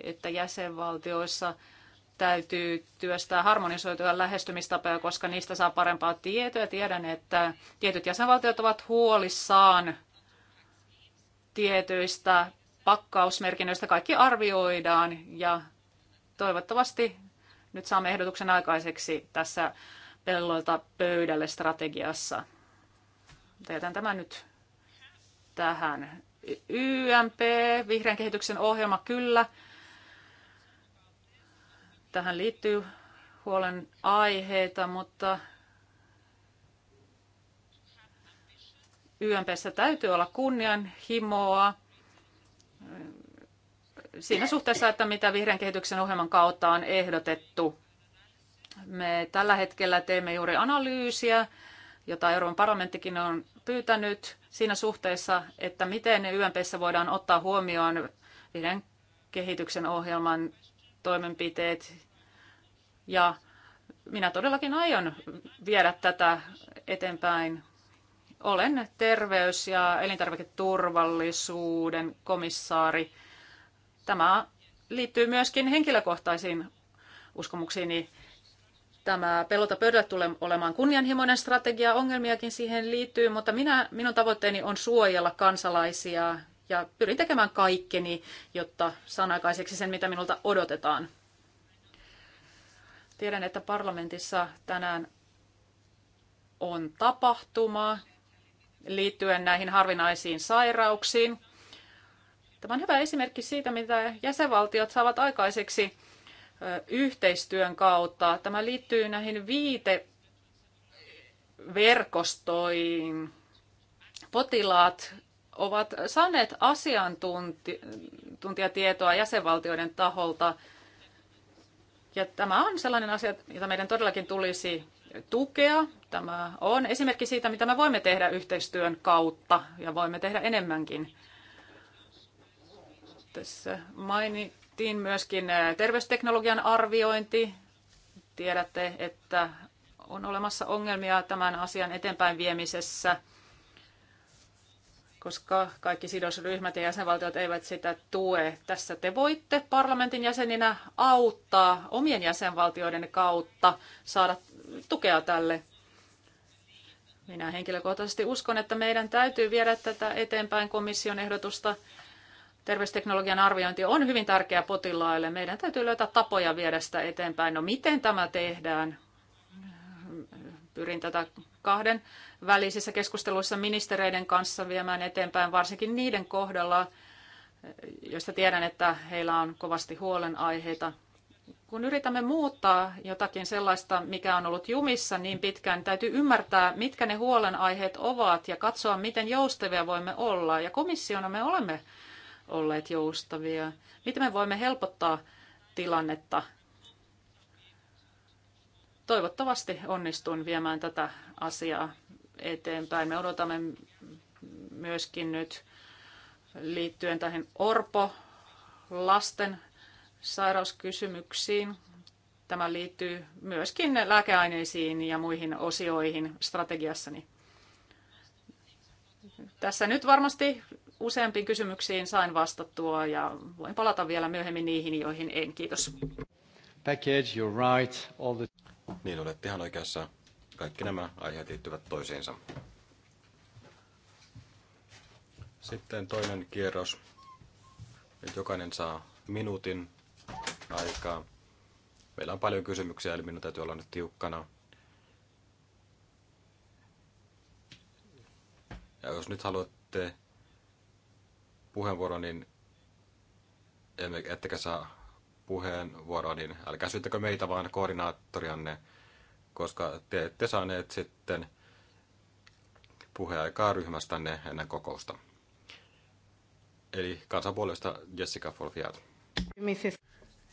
C: että jäsenvaltioissa täytyy työstää harmonisoituja lähestymistapoja, koska niistä saa parempaa tietoa. Tiedän, että tietyt jäsenvaltiot ovat huolissaan tietyistä pakkausmerkinnöistä. Kaikki arvioidaan ja toivottavasti nyt saamme ehdotuksen aikaiseksi tässä pelloilta pöydälle strategiassa. Jätän tämän nyt tähän. YMP, vihreän kehityksen ohjelma, kyllä. Tähän liittyy huolen aiheita, mutta YMPssä täytyy olla kunnianhimoa siinä suhteessa, että mitä vihreän kehityksen ohjelman kautta on ehdotettu. Me tällä hetkellä teemme juuri analyysiä jota Euroopan parlamenttikin on pyytänyt siinä suhteessa, että miten YMPssä voidaan ottaa huomioon niiden kehityksen ohjelman toimenpiteet. Ja minä todellakin aion viedä tätä eteenpäin. Olen terveys- ja elintarviketurvallisuuden komissaari. Tämä liittyy myöskin henkilökohtaisiin uskomuksiini Tämä pelota pöydälle tulee olemaan kunnianhimoinen strategia, ongelmiakin siihen liittyy, mutta minä, minun tavoitteeni on suojella kansalaisia ja pyrin tekemään kaikkeni, jotta sanakaiseksi sen, mitä minulta odotetaan. Tiedän, että parlamentissa tänään on tapahtuma liittyen näihin harvinaisiin sairauksiin. Tämä on hyvä esimerkki siitä, mitä jäsenvaltiot saavat aikaiseksi yhteistyön kautta. Tämä liittyy näihin viiteverkostoihin. Potilaat ovat saaneet asiantuntijatietoa jäsenvaltioiden taholta. Ja tämä on sellainen asia, jota meidän todellakin tulisi tukea. Tämä on esimerkki siitä, mitä me voimme tehdä yhteistyön kautta ja voimme tehdä enemmänkin. Tässä mainit tehtiin myöskin terveysteknologian arviointi. Tiedätte, että on olemassa ongelmia tämän asian eteenpäin viemisessä, koska kaikki sidosryhmät ja jäsenvaltiot eivät sitä tue. Tässä te voitte parlamentin jäseninä auttaa omien jäsenvaltioiden kautta saada tukea tälle. Minä henkilökohtaisesti uskon, että meidän täytyy viedä tätä eteenpäin komission ehdotusta terveysteknologian arviointi on hyvin tärkeä potilaille. Meidän täytyy löytää tapoja viedä sitä eteenpäin. No miten tämä tehdään? Pyrin tätä kahden välisissä keskusteluissa ministereiden kanssa viemään eteenpäin, varsinkin niiden kohdalla, joista tiedän, että heillä on kovasti huolenaiheita. Kun yritämme muuttaa jotakin sellaista, mikä on ollut jumissa niin pitkään, täytyy ymmärtää, mitkä ne huolenaiheet ovat ja katsoa, miten joustavia voimme olla. Ja komissiona me olemme olleet joustavia. Miten me voimme helpottaa tilannetta? Toivottavasti onnistun viemään tätä asiaa eteenpäin. Me odotamme myöskin nyt liittyen tähän Orpo lasten sairauskysymyksiin. Tämä liittyy myöskin lääkeaineisiin ja muihin osioihin strategiassani. Tässä nyt varmasti useampiin kysymyksiin sain vastattua ja voin palata vielä myöhemmin niihin, joihin en. Kiitos.
B: Package, you're right. All the... Niin olet ihan oikeassa. Kaikki nämä aiheet liittyvät toisiinsa. Sitten toinen kierros. Nyt jokainen saa minuutin aikaa. Meillä on paljon kysymyksiä, eli minun täytyy olla nyt tiukkana. Ja jos nyt haluatte puheenvuoro, niin emme, ettekä saa puheenvuoroa, niin älkää syyttäkö meitä, vaan koordinaattorianne, koska te ette saaneet sitten puheaikaa ryhmästänne ennen kokousta. Eli kansanpuolesta Jessica Folfiat.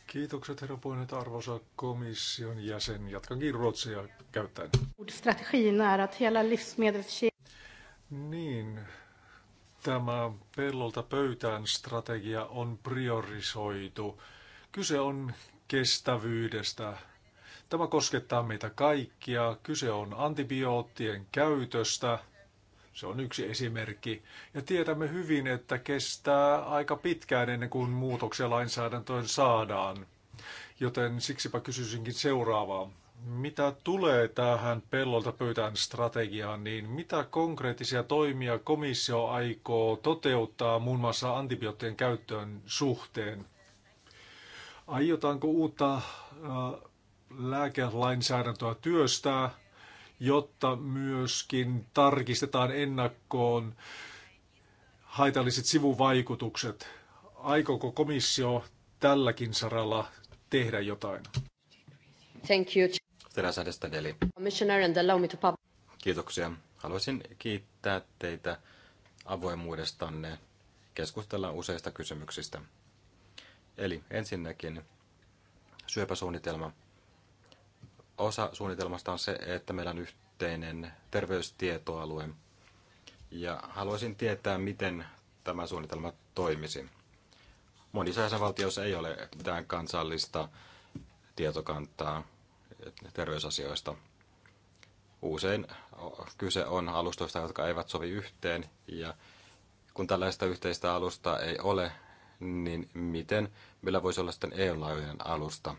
A: Kiitokset herra puhemies, arvoisa komission jäsen. Jatkankin ruotsia käyttäen.
C: Strategin är att hela livsmedelskedjan...
A: Niin, tämä pellolta pöytään strategia on priorisoitu. Kyse on kestävyydestä. Tämä koskettaa meitä kaikkia. Kyse on antibioottien käytöstä. Se on yksi esimerkki. Ja tiedämme hyvin, että kestää aika pitkään ennen kuin muutoksia lainsäädäntöön saadaan. Joten siksipä kysyisinkin seuraavaa. Mitä tulee tähän pellolta pöytään strategiaan, niin mitä konkreettisia toimia komissio aikoo toteuttaa muun muassa antibioottien käyttöön suhteen? Aiotaanko uutta lääkelainsäädäntöä työstää, jotta myöskin tarkistetaan ennakkoon haitalliset sivuvaikutukset? Aikooko komissio tälläkin saralla tehdä jotain? Thank you. Teräsähdestä
B: Deli. Kiitoksia. Haluaisin kiittää teitä avoimuudestanne keskustella useista kysymyksistä. Eli ensinnäkin syöpäsuunnitelma. Osa suunnitelmasta on se, että meillä on yhteinen terveystietoalue. Ja haluaisin tietää, miten tämä suunnitelma toimisi. Monissa jäsenvaltioissa ei ole mitään kansallista tietokantaa terveysasioista. Usein kyse on alustoista, jotka eivät sovi yhteen, ja kun tällaista yhteistä alustaa ei ole, niin miten meillä voisi olla sitten EU-laajuinen alusta?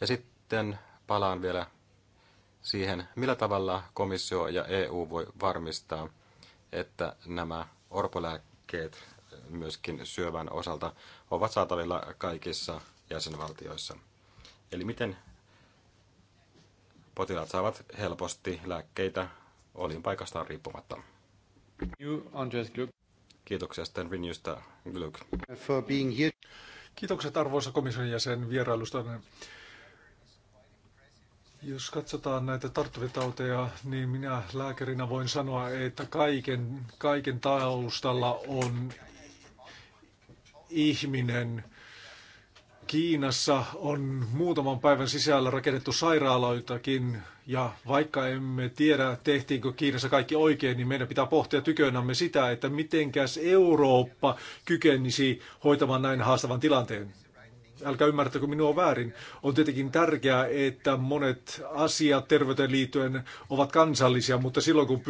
B: Ja sitten palaan vielä siihen, millä tavalla komissio ja EU voi varmistaa, että nämä orpolääkkeet myöskin syövän osalta ovat saatavilla kaikissa jäsenvaltioissa. Eli miten potilaat saavat helposti lääkkeitä olin paikastaan riippumatta. Kiitoksia sitten Renewsta Gluck.
A: For being here. Kiitokset arvoisa komission jäsen vierailusta. Jos katsotaan näitä tarttuvitauteja, niin minä lääkärinä voin sanoa, että kaiken, kaiken taustalla on ihminen, Kiinassa on muutaman päivän sisällä rakennettu sairaaloitakin, ja vaikka emme tiedä, tehtiinkö Kiinassa kaikki oikein, niin meidän pitää pohtia tykönämme sitä, että mitenkäs Eurooppa kykenisi hoitamaan näin haastavan tilanteen. Älkää ymmärtäkö minua väärin. On tietenkin tärkeää, että monet asiat terveyteen liittyen ovat kansallisia, mutta silloin kun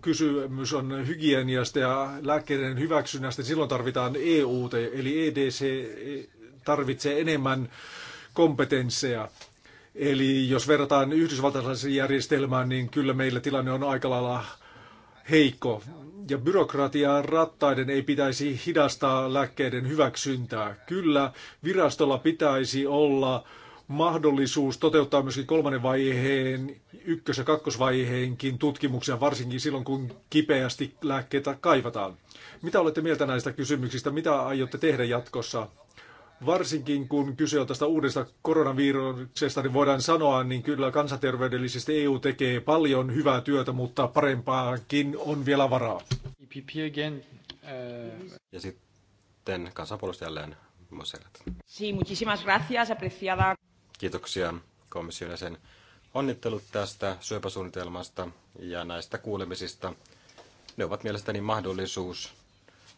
A: kysymys on hygieniasta ja lääkkeiden hyväksynnästä, niin silloin tarvitaan EU, eli EDC, e tarvitsee enemmän kompetensseja. Eli jos verrataan yhdysvaltalaisen järjestelmään, niin kyllä meillä tilanne on aika lailla heikko. Ja byrokratian rattaiden ei pitäisi hidastaa lääkkeiden hyväksyntää. Kyllä virastolla pitäisi olla mahdollisuus toteuttaa myöskin kolmannen vaiheen, ykkös- ja kakkosvaiheenkin tutkimuksia, varsinkin silloin kun kipeästi lääkkeitä kaivataan. Mitä olette mieltä näistä kysymyksistä? Mitä aiotte tehdä jatkossa? varsinkin kun kyse on tästä uudesta koronaviruksesta, niin voidaan sanoa, niin kyllä kansanterveydellisesti EU tekee paljon hyvää työtä, mutta parempaakin on vielä varaa. E
C: uh,
B: ja sitten kansanpuolesta jälleen Moserat.
C: apreciada.
B: Kiitoksia komission jäsen. Onnittelut tästä syöpäsuunnitelmasta ja näistä kuulemisista. Ne ovat mielestäni mahdollisuus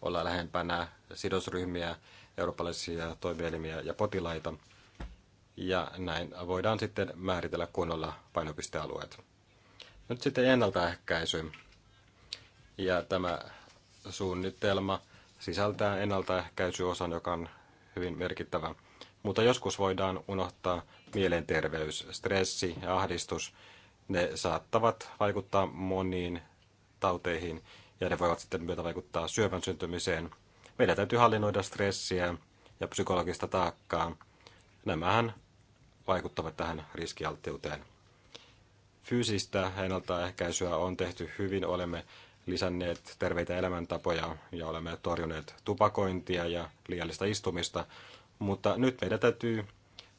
B: olla lähempänä sidosryhmiä eurooppalaisia toimielimiä ja potilaita. Ja näin voidaan sitten määritellä kunnolla painopistealueet. Nyt sitten ennaltaehkäisy. Ja tämä suunnitelma sisältää ennaltaehkäisyosan, joka on hyvin merkittävä. Mutta joskus voidaan unohtaa mielenterveys, stressi ja ahdistus. Ne saattavat vaikuttaa moniin tauteihin ja ne voivat sitten myötä vaikuttaa syövän syntymiseen – meidän täytyy hallinnoida stressiä ja psykologista taakkaa. Nämähän vaikuttavat tähän riskialttiuteen. Fyysistä ennaltaehkäisyä on tehty hyvin. Olemme lisänneet terveitä elämäntapoja ja olemme torjuneet tupakointia ja liiallista istumista, mutta nyt meidän täytyy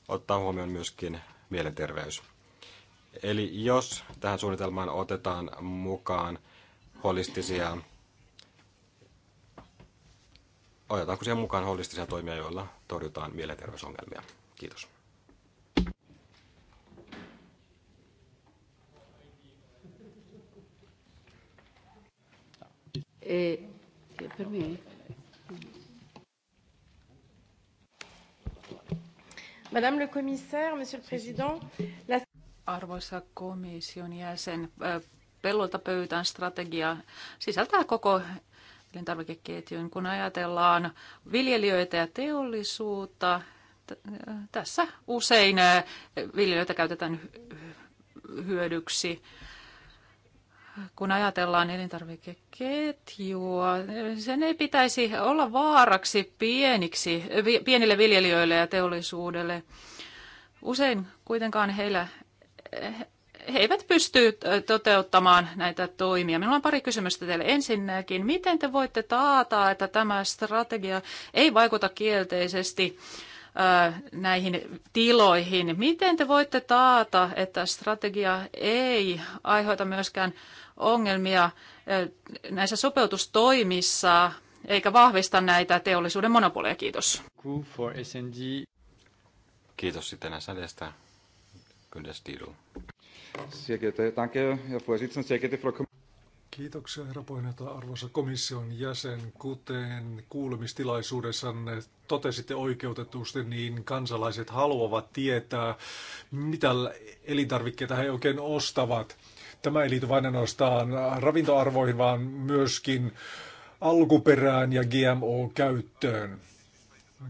B: ottaa huomioon myöskin mielenterveys. Eli jos tähän suunnitelmaan otetaan mukaan holistisia otetaanko siihen mukaan holistisia toimia, joilla torjutaan mielenterveysongelmia? Kiitos.
C: Eh, eh, Madame le commissaire, monsieur le président, la... Arvoisa komission jäsen, eh, pellolta pöytään strategia sisältää koko elintarvikeketjun, kun ajatellaan viljelijöitä ja teollisuutta, tässä usein viljelijöitä käytetään hyödyksi. Kun ajatellaan elintarvikeketjua, sen ei pitäisi olla vaaraksi pieniksi, pienille viljelijöille ja teollisuudelle. Usein kuitenkaan heillä he eivät pysty toteuttamaan näitä toimia. Minulla on pari kysymystä teille. Ensinnäkin, miten te voitte taata, että tämä strategia ei vaikuta kielteisesti näihin tiloihin? Miten te voitte taata, että strategia ei aiheuta myöskään ongelmia näissä sopeutustoimissa, eikä vahvista näitä teollisuuden monopoleja? Kiitos.
B: Kiitos sitten SLstä. Kyllä, Sehr geehrte, danke, Herr Vorsitzender, sehr geehrte Frau
A: Kiitoksia, herra puheenjohtaja, arvoisa komission jäsen. Kuten kuulemistilaisuudessanne totesitte oikeutetusti, niin kansalaiset haluavat tietää, mitä elintarvikkeita he oikein ostavat. Tämä ei liity vain ainoastaan ravintoarvoihin, vaan myöskin alkuperään ja GMO-käyttöön.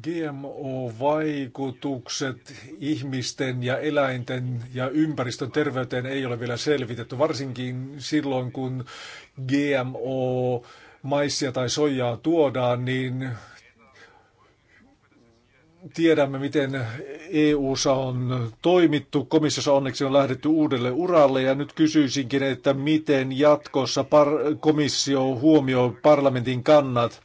A: GMO-vaikutukset ihmisten ja eläinten ja ympäristön terveyteen ei ole vielä selvitetty, varsinkin silloin kun GMO maissia tai soijaa tuodaan, niin tiedämme, miten EU on toimittu. Komissiossa onneksi on lähdetty uudelle uralle ja nyt kysyisinkin, että miten jatkossa komissio huomioi parlamentin kannat.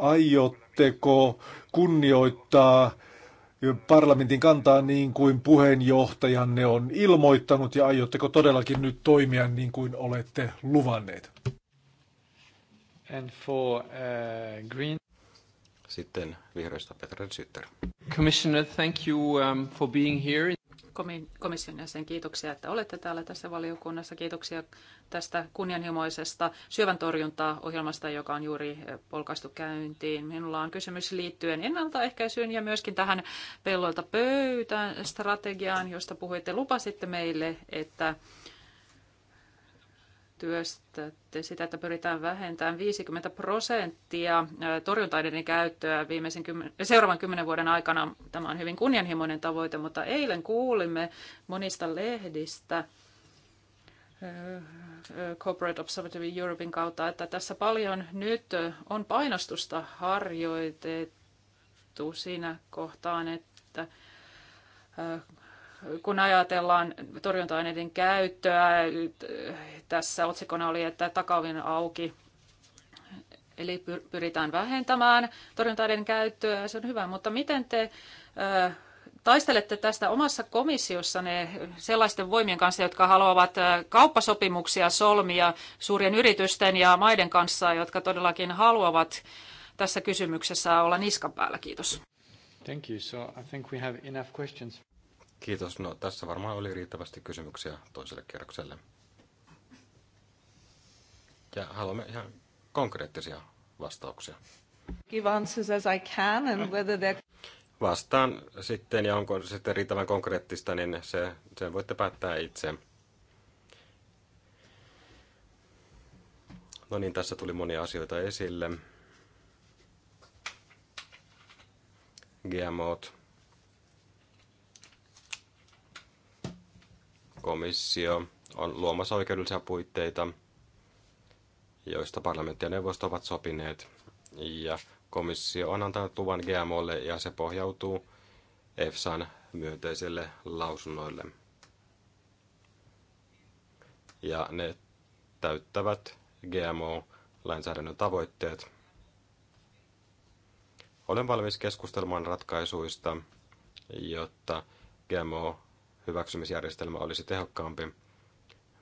A: Aiotteko kunnioittaa parlamentin kantaa niin kuin puheenjohtajanne on ilmoittanut ja aiotteko todellakin nyt toimia niin kuin olette luvanneet?
B: And for, uh, green... Sitten vihreistä Petra Sytter. Commissioner, thank you um, for being here
C: komission jäsen, kiitoksia, että olette täällä tässä valiokunnassa. Kiitoksia tästä kunnianhimoisesta syövän torjuntaa ohjelmasta, joka on juuri eh, polkaistu käyntiin. Minulla on kysymys liittyen ennaltaehkäisyyn ja myöskin tähän pelloilta pöytään strategiaan, josta puhuitte. Lupasitte meille, että työstätte sitä, että pyritään vähentämään 50 prosenttia torjunta käyttöä viimeisen kymmen, seuraavan kymmenen vuoden aikana. Tämä on hyvin kunnianhimoinen tavoite, mutta eilen kuulimme monista lehdistä Corporate Observatory Europein kautta, että tässä paljon nyt on painostusta harjoitettu siinä kohtaan, että kun ajatellaan torjunta-aineiden käyttöä, tässä otsikona oli, että takavin auki. Eli pyritään vähentämään torjunta-aineiden käyttöä, ja se on hyvä, mutta miten te taistelette tästä omassa komissiossanne sellaisten voimien kanssa, jotka haluavat kauppasopimuksia solmia suurien yritysten ja maiden kanssa, jotka todellakin haluavat tässä kysymyksessä olla niskan päällä. Kiitos.
B: Thank you. So I think we have enough questions. Kiitos. No tässä varmaan oli riittävästi kysymyksiä toiselle kierrokselle. Ja haluamme ihan konkreettisia vastauksia.
C: Give answers as I can and whether
A: they're...
B: Vastaan sitten, ja onko se sitten riittävän konkreettista, niin se, sen voitte päättää itse. No niin, tässä tuli monia asioita esille. GMOt, komissio on luomassa oikeudellisia puitteita, joista parlamentti ja neuvosto ovat sopineet. Ja komissio on antanut luvan GMOlle ja se pohjautuu EFSAn myönteisille lausunnoille. Ja ne täyttävät GMO-lainsäädännön tavoitteet. Olen valmis keskustelemaan ratkaisuista, jotta GMO hyväksymisjärjestelmä olisi tehokkaampi,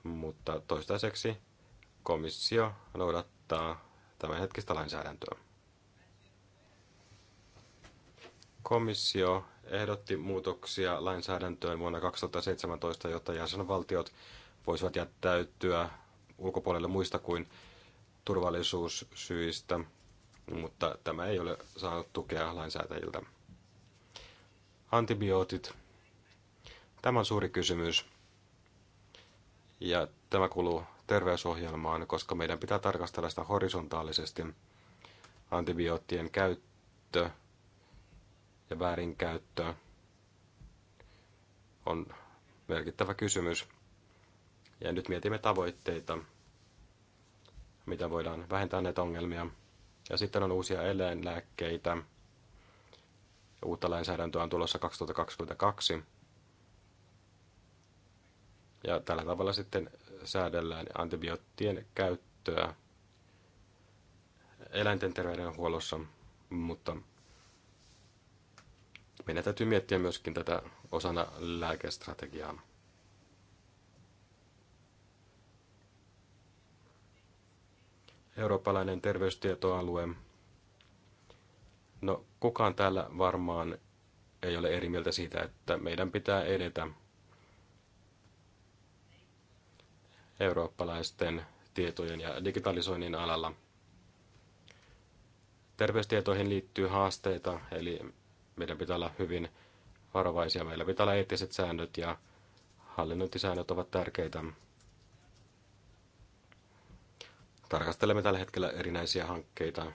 B: mutta toistaiseksi komissio noudattaa tämänhetkistä lainsäädäntöä. Komissio ehdotti muutoksia lainsäädäntöön vuonna 2017, jotta jäsenvaltiot voisivat jättäytyä ulkopuolelle muista kuin turvallisuussyistä, mutta tämä ei ole saanut tukea lainsäätäjiltä. Antibiootit Tämä on suuri kysymys. Ja tämä kuuluu terveysohjelmaan, koska meidän pitää tarkastella sitä horisontaalisesti. Antibioottien käyttö ja väärinkäyttö on merkittävä kysymys. Ja nyt mietimme tavoitteita, mitä voidaan vähentää näitä ongelmia. Ja sitten on uusia eläinlääkkeitä. Uutta lainsäädäntöä on tulossa 2022. Ja tällä tavalla sitten säädellään antibioottien käyttöä eläinten terveydenhuollossa, mutta meidän täytyy miettiä myöskin tätä osana lääkestrategiaa. Eurooppalainen terveystietoalue. No, kukaan täällä varmaan ei ole eri mieltä siitä, että meidän pitää edetä eurooppalaisten tietojen ja digitalisoinnin alalla. Terveystietoihin liittyy haasteita, eli meidän pitää olla hyvin varovaisia. Meillä pitää olla eettiset säännöt ja hallinnointisäännöt ovat tärkeitä. Tarkastelemme tällä hetkellä erinäisiä hankkeita,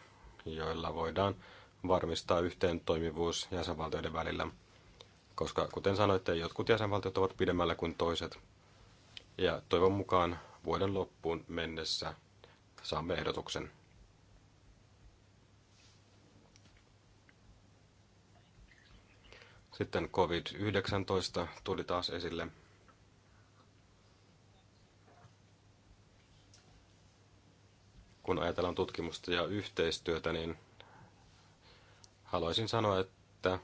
B: joilla voidaan varmistaa yhteen toimivuus jäsenvaltioiden välillä, koska kuten sanoitte, jotkut jäsenvaltiot ovat pidemmällä kuin toiset – ja toivon mukaan vuoden loppuun mennessä saamme ehdotuksen. Sitten COVID-19 tuli taas esille. Kun ajatellaan tutkimusta ja yhteistyötä, niin haluaisin sanoa, että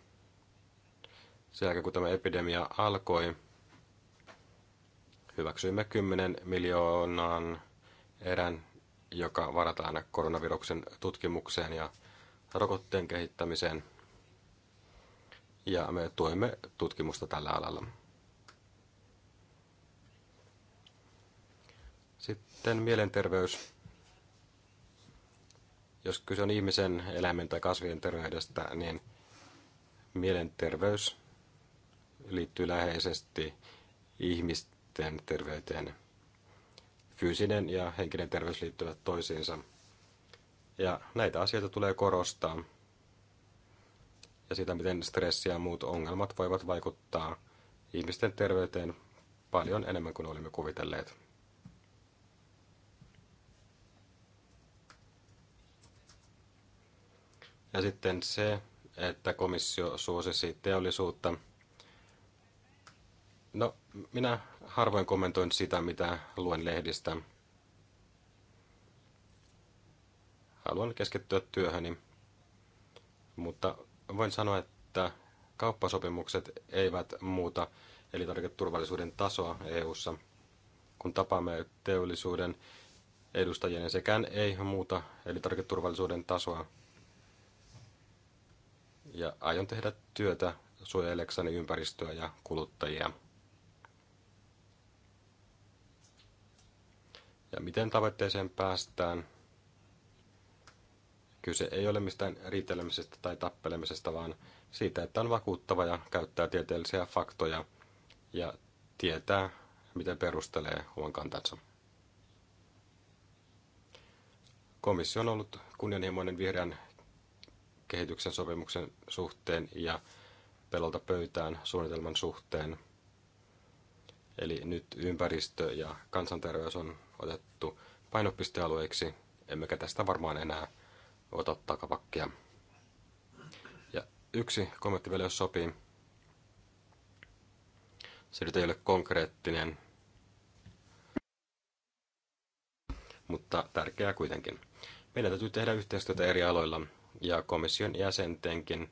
B: sen jälkeen kun tämä epidemia alkoi, hyväksyimme 10 miljoonan erän, joka varataan koronaviruksen tutkimukseen ja rokotteen kehittämiseen. Ja me tuemme tutkimusta tällä alalla. Sitten mielenterveys. Jos kyse on ihmisen, eläimen tai kasvien terveydestä, niin mielenterveys liittyy läheisesti ihmisten sitten terveyteen. Fyysinen ja henkinen terveys liittyvät toisiinsa. Ja näitä asioita tulee korostaa. Ja sitä, miten stressi ja muut ongelmat voivat vaikuttaa ihmisten terveyteen paljon enemmän kuin olimme kuvitelleet. Ja sitten se, että komissio suosisi teollisuutta – No, minä harvoin kommentoin sitä, mitä luen lehdistä. Haluan keskittyä työhöni, mutta voin sanoa, että kauppasopimukset eivät muuta elintarviketurvallisuuden tasoa EU:ssa. Kun tapaamme teollisuuden edustajien niin sekään ei muuta elintarviketurvallisuuden tasoa. Ja aion tehdä työtä suojelekseni ympäristöä ja kuluttajia. Ja miten tavoitteeseen päästään? Kyse ei ole mistään riitelemisestä tai tappelemisesta, vaan siitä, että on vakuuttava ja käyttää tieteellisiä faktoja ja tietää, miten perustelee oman kantansa. Komissio on ollut kunnianhimoinen vihreän kehityksen sopimuksen suhteen ja pelolta pöytään suunnitelman suhteen. Eli nyt ympäristö ja kansanterveys on otettu painopistealueiksi, emmekä tästä varmaan enää ota takapakkia. Ja yksi kommentti vielä, jos sopii. Se nyt ei ole konkreettinen, mutta tärkeää kuitenkin. Meidän täytyy tehdä yhteistyötä eri aloilla ja komission jäsentenkin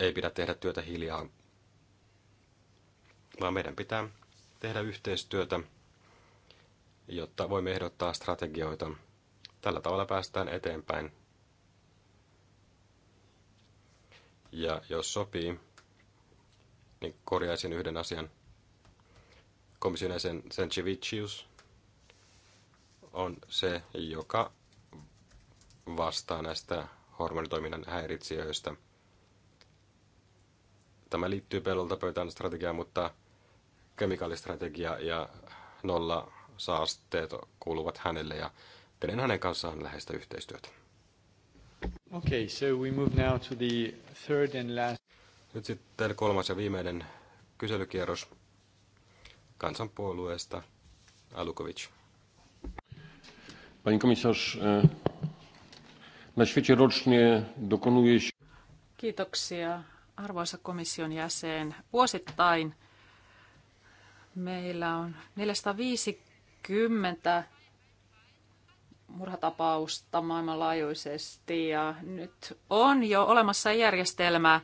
B: ei pidä tehdä työtä hiljaa, vaan meidän pitää tehdä yhteistyötä, jotta voimme ehdottaa strategioita. Tällä tavalla päästään eteenpäin. Ja jos sopii, niin korjaisin yhden asian. Komission jäsen Senchivicius on se, joka vastaa näistä hormonitoiminnan häiritsijöistä. Tämä liittyy pellolta pöytään strategiaan, mutta kemikaalistrategia ja nolla saasteet kuuluvat hänelle ja teen hänen kanssaan läheistä yhteistyötä. Okay, so we move now to the third and last. Nyt sitten kolmas ja viimeinen kyselykierros kansanpuolueesta. Alukovic. Pani komisarz, e, na świecie rocznie
C: dokonuje się... Kiitoksia, arvoisa komission jäsen. Vuosittain Meillä on 450 murhatapausta maailmanlaajuisesti ja nyt on jo olemassa järjestelmä äh,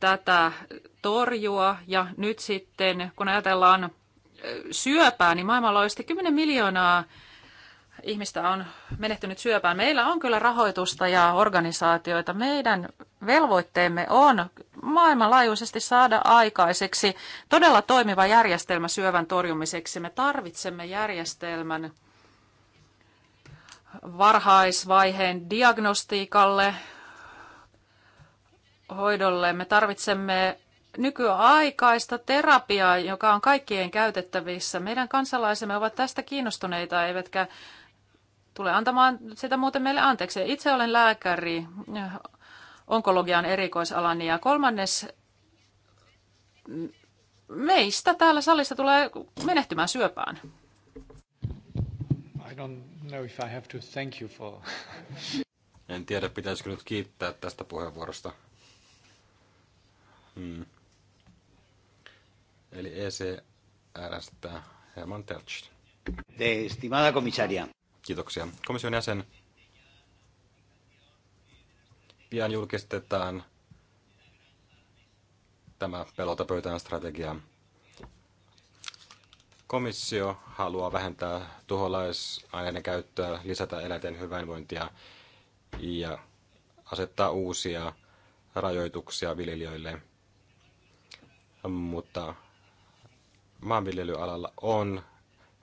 C: tätä torjua ja nyt sitten kun ajatellaan äh, syöpää, niin maailmanlaajuisesti 10 miljoonaa ihmistä on menehtynyt syöpään. Meillä on kyllä rahoitusta ja organisaatioita. Meidän velvoitteemme on maailmanlaajuisesti saada aikaiseksi todella toimiva järjestelmä syövän torjumiseksi. Me tarvitsemme järjestelmän varhaisvaiheen diagnostiikalle, hoidolle. Me tarvitsemme nykyaikaista terapiaa, joka on kaikkien käytettävissä. Meidän kansalaisemme ovat tästä kiinnostuneita, eivätkä tule antamaan sitä muuten meille anteeksi. Itse olen lääkäri, onkologian erikoisalani. Ja kolmannes meistä täällä salissa tulee menehtymään syöpään.
A: I don't know if I have to thank you for...
B: En tiedä, pitäisikö nyt kiittää tästä puheenvuorosta. Hmm. Eli ECRstä Herman Tertsch. Estimada komissaria. Kiitoksia. Komission jäsen, pian julkistetaan tämä pelotapöytään strategia. Komissio haluaa vähentää tuholaisaineiden käyttöä, lisätä eläinten hyvinvointia ja asettaa uusia rajoituksia viljelijöille. Mutta maanviljelyalalla on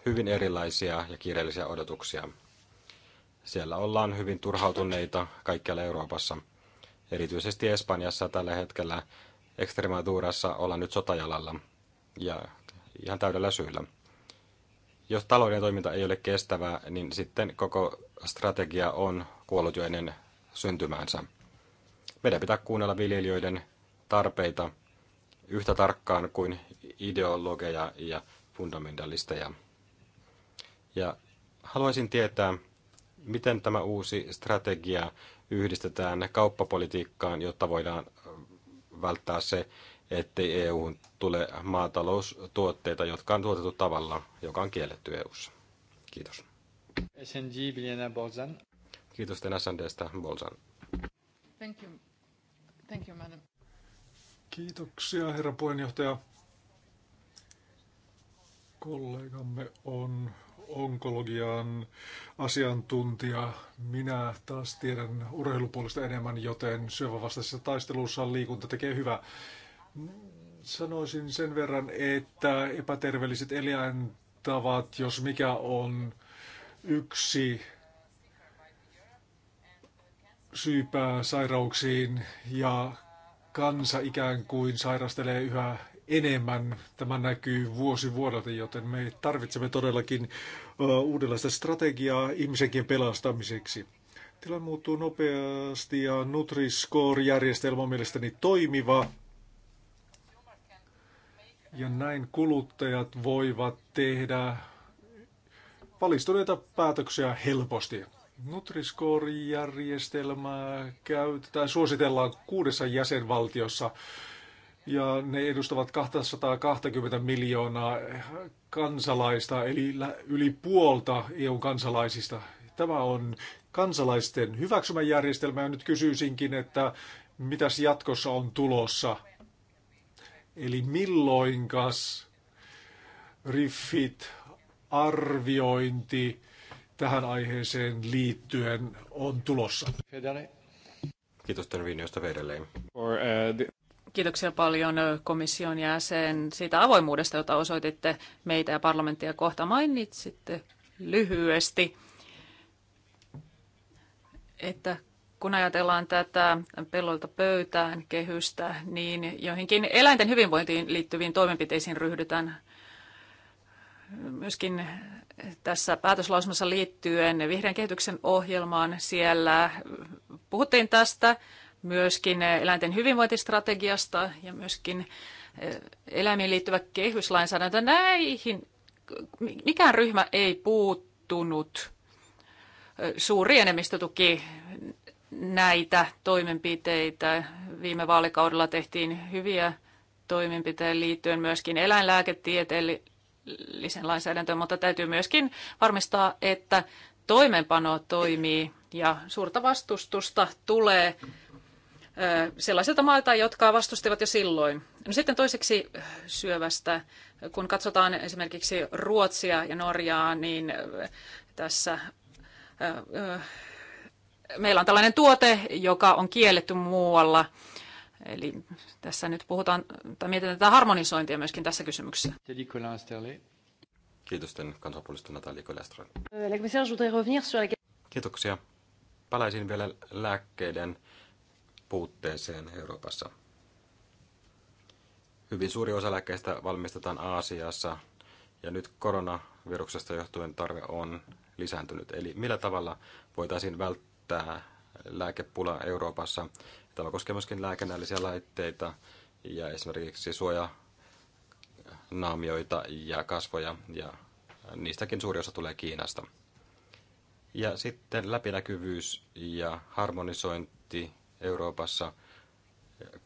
B: hyvin erilaisia ja kiireellisiä odotuksia. Siellä ollaan hyvin turhautuneita kaikkialla Euroopassa – Erityisesti Espanjassa tällä hetkellä Extremadurassa ollaan nyt sotajalalla ja ihan täydellä syyllä. Jos talouden toiminta ei ole kestävää, niin sitten koko strategia on kuollut jo ennen syntymäänsä. Meidän pitää kuunnella viljelijöiden tarpeita yhtä tarkkaan kuin ideologeja ja fundamentalisteja. Ja haluaisin tietää, miten tämä uusi strategia yhdistetään kauppapolitiikkaan, jotta voidaan välttää se, ettei EU tule maataloustuotteita, jotka on tuotettu tavalla, joka on kielletty EU:ssa. Kiitos. SNG Biljana Bolzan. Kiitos teidän SNDstä,
A: Bolzan.
C: Thank you. Thank you, madam.
A: Kiitoksia, herra puheenjohtaja. Kollegamme on onkologian asiantuntija. Minä taas tiedän urheilupuolesta enemmän, joten syövävastaisessa taistelussa liikunta tekee hyvää. Sanoisin sen verran, että epäterveelliset eläintavat, jos mikä on yksi syypää sairauksiin ja kansa ikään kuin sairastelee yhä enemmän. Tämä näkyy vuosi vuodelta, joten me tarvitsemme todellakin uudenlaista strategiaa ihmisenkin pelastamiseksi. Tilanne muuttuu nopeasti ja Nutri-Score-järjestelmä on mielestäni toimiva. Ja näin kuluttajat voivat tehdä valistuneita päätöksiä helposti. Nutri-Score-järjestelmää käytetään, suositellaan kuudessa jäsenvaltiossa ja ne edustavat 220 miljoonaa kansalaista, eli yli puolta EU-kansalaisista. Tämä on kansalaisten hyväksymä järjestelmä, ja nyt kysyisinkin, että mitäs jatkossa on tulossa? Eli milloinkas riffit, arviointi tähän aiheeseen liittyen on tulossa?
B: Kiitos Terviiniosta vedelleen.
C: Kiitoksia paljon komission jäsen siitä avoimuudesta, jota osoititte meitä ja parlamenttia kohta. Mainitsitte lyhyesti, että kun ajatellaan tätä pellolta pöytään kehystä, niin joihinkin eläinten hyvinvointiin liittyviin toimenpiteisiin ryhdytään myöskin tässä päätöslausumassa liittyen vihreän kehityksen ohjelmaan. Siellä puhuttiin tästä myöskin eh, eläinten hyvinvointistrategiasta ja myöskin eh, eläimiin liittyvä kehyslainsäädäntö. Näihin mikään ryhmä ei puuttunut. Eh, suuri enemmistö tuki näitä toimenpiteitä. Viime vaalikaudella tehtiin hyviä toimenpiteitä liittyen myöskin eläinlääketieteellisen lainsäädäntöön, mutta täytyy myöskin varmistaa, että toimenpano toimii ja suurta vastustusta tulee sellaisilta mailta, jotka vastustivat jo silloin. No sitten toiseksi syövästä, kun katsotaan esimerkiksi Ruotsia ja Norjaa, niin tässä meillä on tällainen tuote, joka on kielletty muualla. Eli tässä nyt puhutaan, tai mietitään tätä harmonisointia myöskin tässä kysymyksessä. Kiitos tämän kansanpuolista
B: Natalia Kolestran. Kiitoksia. Palaisin vielä lääkkeiden puutteeseen Euroopassa. Hyvin suuri osa lääkkeistä valmistetaan Aasiassa ja nyt koronaviruksesta johtuen tarve on lisääntynyt. Eli millä tavalla voitaisiin välttää lääkepula Euroopassa? Tämä koskee myöskin lääkennällisiä laitteita ja esimerkiksi suoja naamioita ja kasvoja ja niistäkin suuri osa tulee Kiinasta. Ja sitten läpinäkyvyys ja harmonisointi Euroopassa,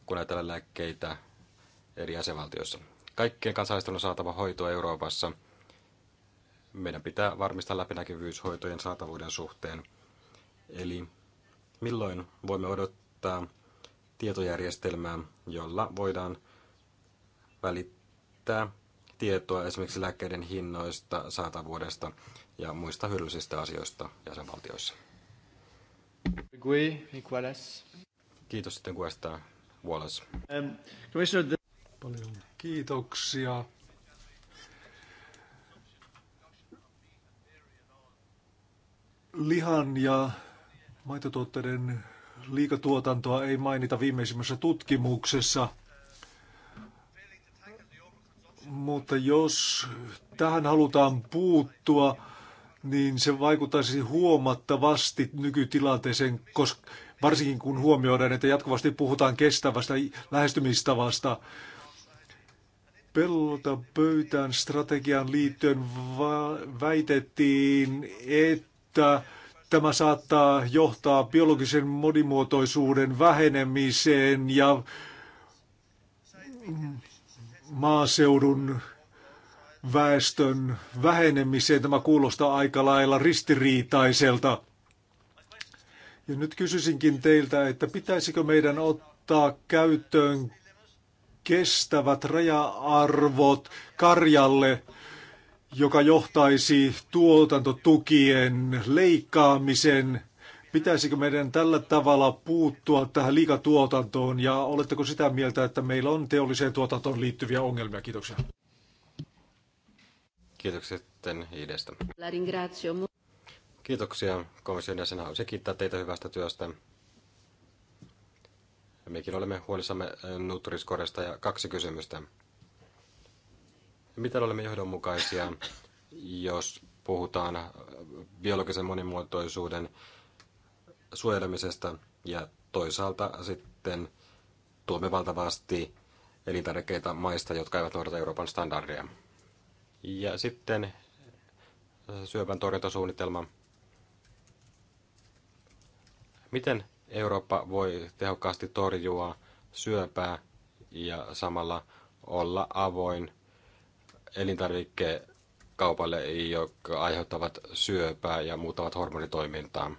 B: kun ajatellaan lääkkeitä eri jäsenvaltioissa. Kaikkien kansalaisten on saatava hoitoa Euroopassa. Meidän pitää varmistaa läpinäkyvyys hoitojen saatavuuden suhteen. Eli milloin voimme odottaa tietojärjestelmää, jolla voidaan välittää tietoa esimerkiksi lääkkeiden hinnoista, saatavuudesta ja muista hyödyllisistä asioista jäsenvaltioissa. Gui,
A: Nicolas.
B: Kiitos sitten kuestaa Wallace.
A: Um, Paljon kiitoksia. Lihan ja maitotuotteiden liikatuotantoa ei mainita viimeisimmässä tutkimuksessa. Mutta jos tähän halutaan puuttua, niin se vaikuttaisi huomattavasti nykytilanteeseen, koska varsinkin kun huomioidaan, että jatkuvasti puhutaan kestävästä lähestymistavasta. Pellolta pöytään strategian liittyen väitettiin, että tämä saattaa johtaa biologisen monimuotoisuuden vähenemiseen ja maaseudun väestön vähenemiseen. Tämä kuulostaa aika lailla ristiriitaiselta. Ja nyt kysyisinkin teiltä, että pitäisikö meidän ottaa käyttöön kestävät raja-arvot karjalle, joka johtaisi tuotantotukien leikkaamisen. Pitäisikö meidän tällä tavalla puuttua tähän liikatuotantoon ja oletteko sitä mieltä, että meillä on teolliseen tuotantoon liittyviä ongelmia? Kiitoksia.
B: Kiitoksia sitten Iidestä. Kiitoksia komission jäsen. Haluaisin kiittää teitä hyvästä työstä. Mekin olemme huolissamme äh, Nutriskoresta ja kaksi kysymystä. Miten olemme johdonmukaisia, jos puhutaan äh, biologisen monimuotoisuuden suojelemisesta ja toisaalta sitten tuomme valtavasti elintarvikkeita maista, jotka eivät noudata Euroopan standardeja. Ja sitten äh, syövän torjuntasuunnitelma. Miten Eurooppa voi tehokkaasti torjua syöpää ja samalla olla avoin elintarvikekaupalle, jotka aiheuttavat syöpää ja muuttavat hormonitoimintaa?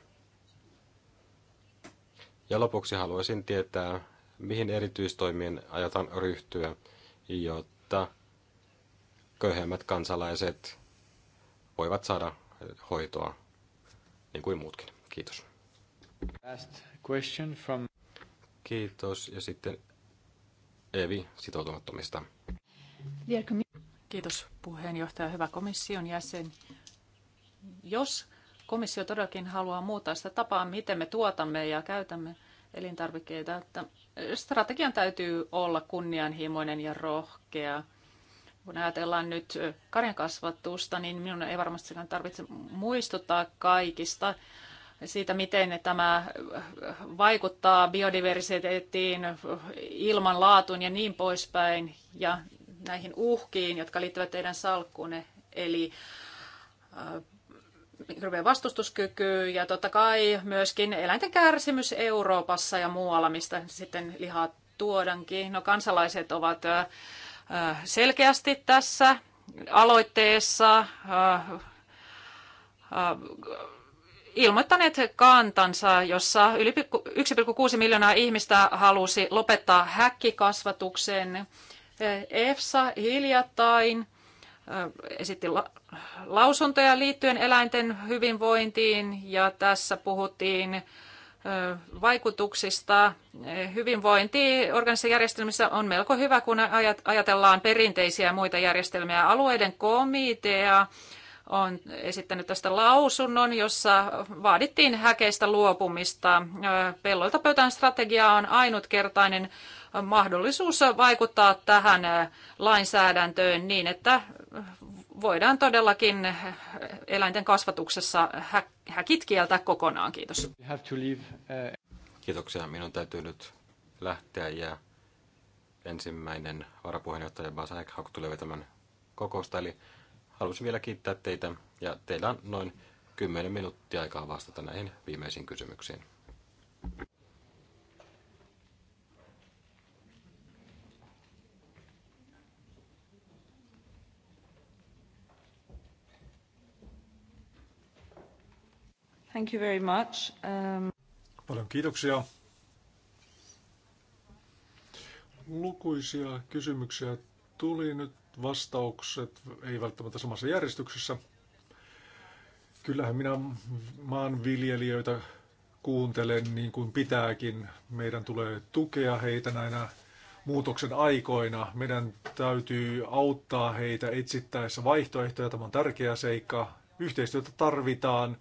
B: Ja lopuksi haluaisin tietää, mihin erityistoimien ajatan ryhtyä, jotta köyhemmät kansalaiset voivat saada hoitoa niin kuin muutkin. Kiitos. Last question from... Kiitos. Ja sitten Evi sitoutumattomista.
C: Kiitos puheenjohtaja, hyvä komission jäsen. Jos komissio todellakin haluaa muuttaa sitä tapaa, miten me tuotamme ja käytämme elintarvikkeita, että strategian täytyy olla kunnianhimoinen ja rohkea. Kun ajatellaan nyt kasvatusta, niin minun ei varmasti tarvitse muistuttaa kaikista siitä, miten tämä vaikuttaa biodiversiteettiin, ilmanlaatuun ja niin poispäin, ja näihin uhkiin, jotka liittyvät teidän salkkuunne, eli äh, mikrobien vastustuskyky ja totta kai myöskin eläinten kärsimys Euroopassa ja muualla, mistä sitten lihaa tuodankin. No kansalaiset ovat äh, selkeästi tässä aloitteessa äh, ilmoittaneet kantansa, jossa yli 1,6 miljoonaa ihmistä halusi lopettaa häkkikasvatuksen. EFSA hiljattain äh, esitti lausuntoja liittyen eläinten hyvinvointiin ja tässä puhuttiin äh, vaikutuksista. Hyvinvointi organisissa järjestelmissä on melko hyvä, kun ajatellaan perinteisiä muita järjestelmiä. Alueiden komitea on esittänyt tästä lausunnon, jossa vaadittiin häkeistä luopumista. Pellolta pöytään strategia on ainutkertainen mahdollisuus vaikuttaa tähän lainsäädäntöön niin, että voidaan todellakin eläinten kasvatuksessa häkit kieltää kokonaan. Kiitos. Uh,
B: Kiitoksia. Minun täytyy nyt lähteä ja ensimmäinen varapuheenjohtaja Basanek Hauk tulee vetämään kokousta. Eli Haluaisin vielä kiittää teitä ja teillä on noin 10 minuuttia aikaa vastata näihin viimeisiin kysymyksiin.
C: Thank you very much. Um...
A: Paljon kiitoksia. Lukuisia kysymyksiä tuli nyt vastaukset, ei välttämättä samassa järjestyksessä. Kyllähän minä maanviljelijöitä kuuntelen niin kuin pitääkin. Meidän tulee tukea heitä näinä muutoksen aikoina. Meidän täytyy auttaa heitä etsittäessä vaihtoehtoja. Tämä on tärkeä seikka. Yhteistyötä tarvitaan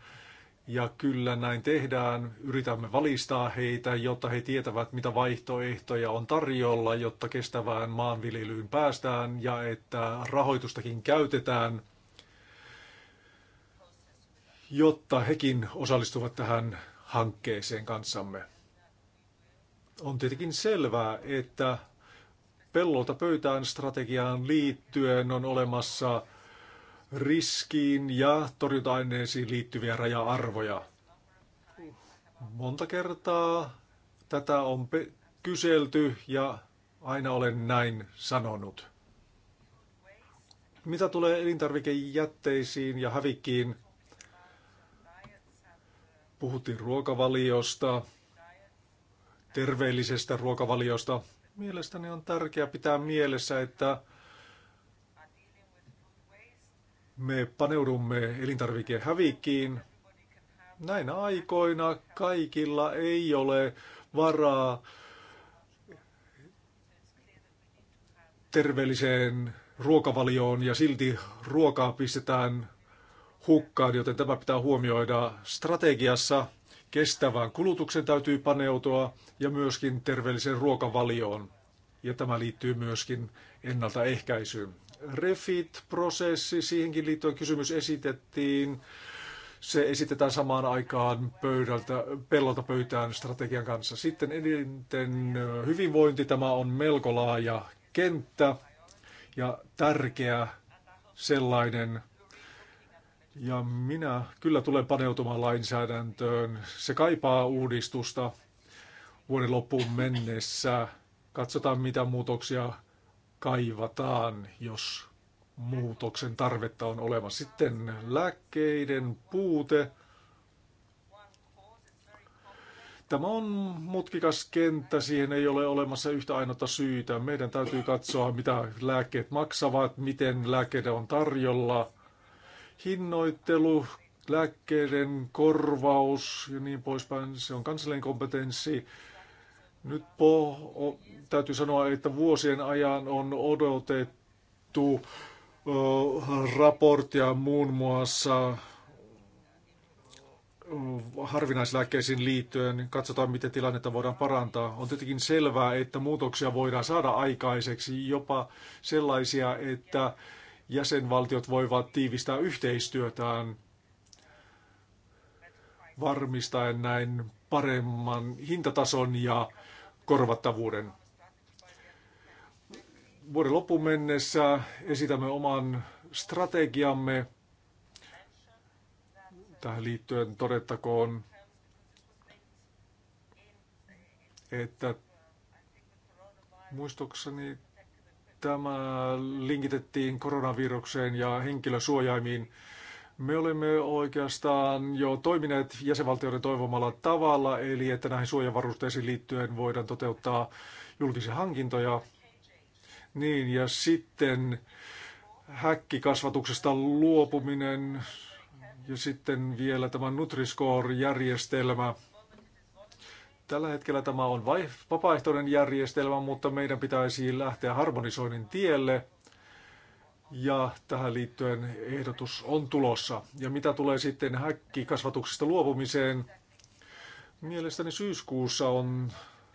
A: ja kyllä näin tehdään. Yritämme valistaa heitä, jotta he tietävät, mitä vaihtoehtoja on tarjolla, jotta kestävään maanviljelyyn päästään ja että rahoitustakin käytetään, jotta hekin osallistuvat tähän hankkeeseen kanssamme. On tietenkin selvää, että pellolta pöytään strategiaan liittyen on olemassa riskiin ja torjunta-aineisiin liittyviä raja-arvoja. Monta kertaa tätä on kyselty ja aina olen näin sanonut. Mitä tulee elintarvikejätteisiin ja hävikkiin, puhuttiin ruokavaliosta, terveellisestä ruokavaliosta. Mielestäni on tärkeää pitää mielessä, että me paneudumme elintarvikehävikkiin. Näinä aikoina kaikilla ei ole varaa terveelliseen ruokavalioon ja silti ruokaa pistetään hukkaan, joten tämä pitää huomioida strategiassa. Kestävään kulutuksen täytyy paneutua ja myöskin terveelliseen ruokavalioon. Ja tämä liittyy myöskin ennaltaehkäisyyn. Refit-prosessi, siihenkin liittyen kysymys esitettiin. Se esitetään samaan aikaan pöydältä, pellolta pöytään strategian kanssa. Sitten elinten hyvinvointi, tämä on melko laaja kenttä ja tärkeä sellainen. Ja minä kyllä tulen paneutumaan lainsäädäntöön. Se kaipaa uudistusta vuoden loppuun mennessä. Katsotaan, mitä muutoksia kaivataan, jos muutoksen tarvetta on olemassa. Sitten lääkkeiden puute. Tämä on mutkikas kenttä, siihen ei ole olemassa yhtä ainutta syytä. Meidän täytyy katsoa, mitä lääkkeet maksavat, miten lääkkeiden on tarjolla. Hinnoittelu, lääkkeiden korvaus ja niin poispäin, se on kansallinen kompetenssi. Nyt po, täytyy sanoa, että vuosien ajan on odotettu raporttia muun muassa harvinaislääkkeisiin liittyen. Katsotaan, miten tilannetta voidaan parantaa. On tietenkin selvää, että muutoksia voidaan saada aikaiseksi, jopa sellaisia, että jäsenvaltiot voivat tiivistää yhteistyötään varmistaen näin paremman hintatason ja korvattavuuden. Vuoden loppuun mennessä esitämme oman strategiamme. Tähän liittyen todettakoon, että muistokseni tämä linkitettiin koronavirukseen ja henkilösuojaimiin. Me olemme oikeastaan jo toimineet jäsenvaltioiden toivomalla tavalla, eli että näihin suojavarusteisiin liittyen voidaan toteuttaa julkisia hankintoja. Niin, ja sitten häkkikasvatuksesta luopuminen ja sitten vielä tämä Nutriscore-järjestelmä. Tällä hetkellä tämä on vapaaehtoinen järjestelmä, mutta meidän pitäisi lähteä harmonisoinnin tielle – ja tähän liittyen ehdotus on tulossa. Ja mitä tulee sitten häkkikasvatuksesta luopumiseen, mielestäni syyskuussa on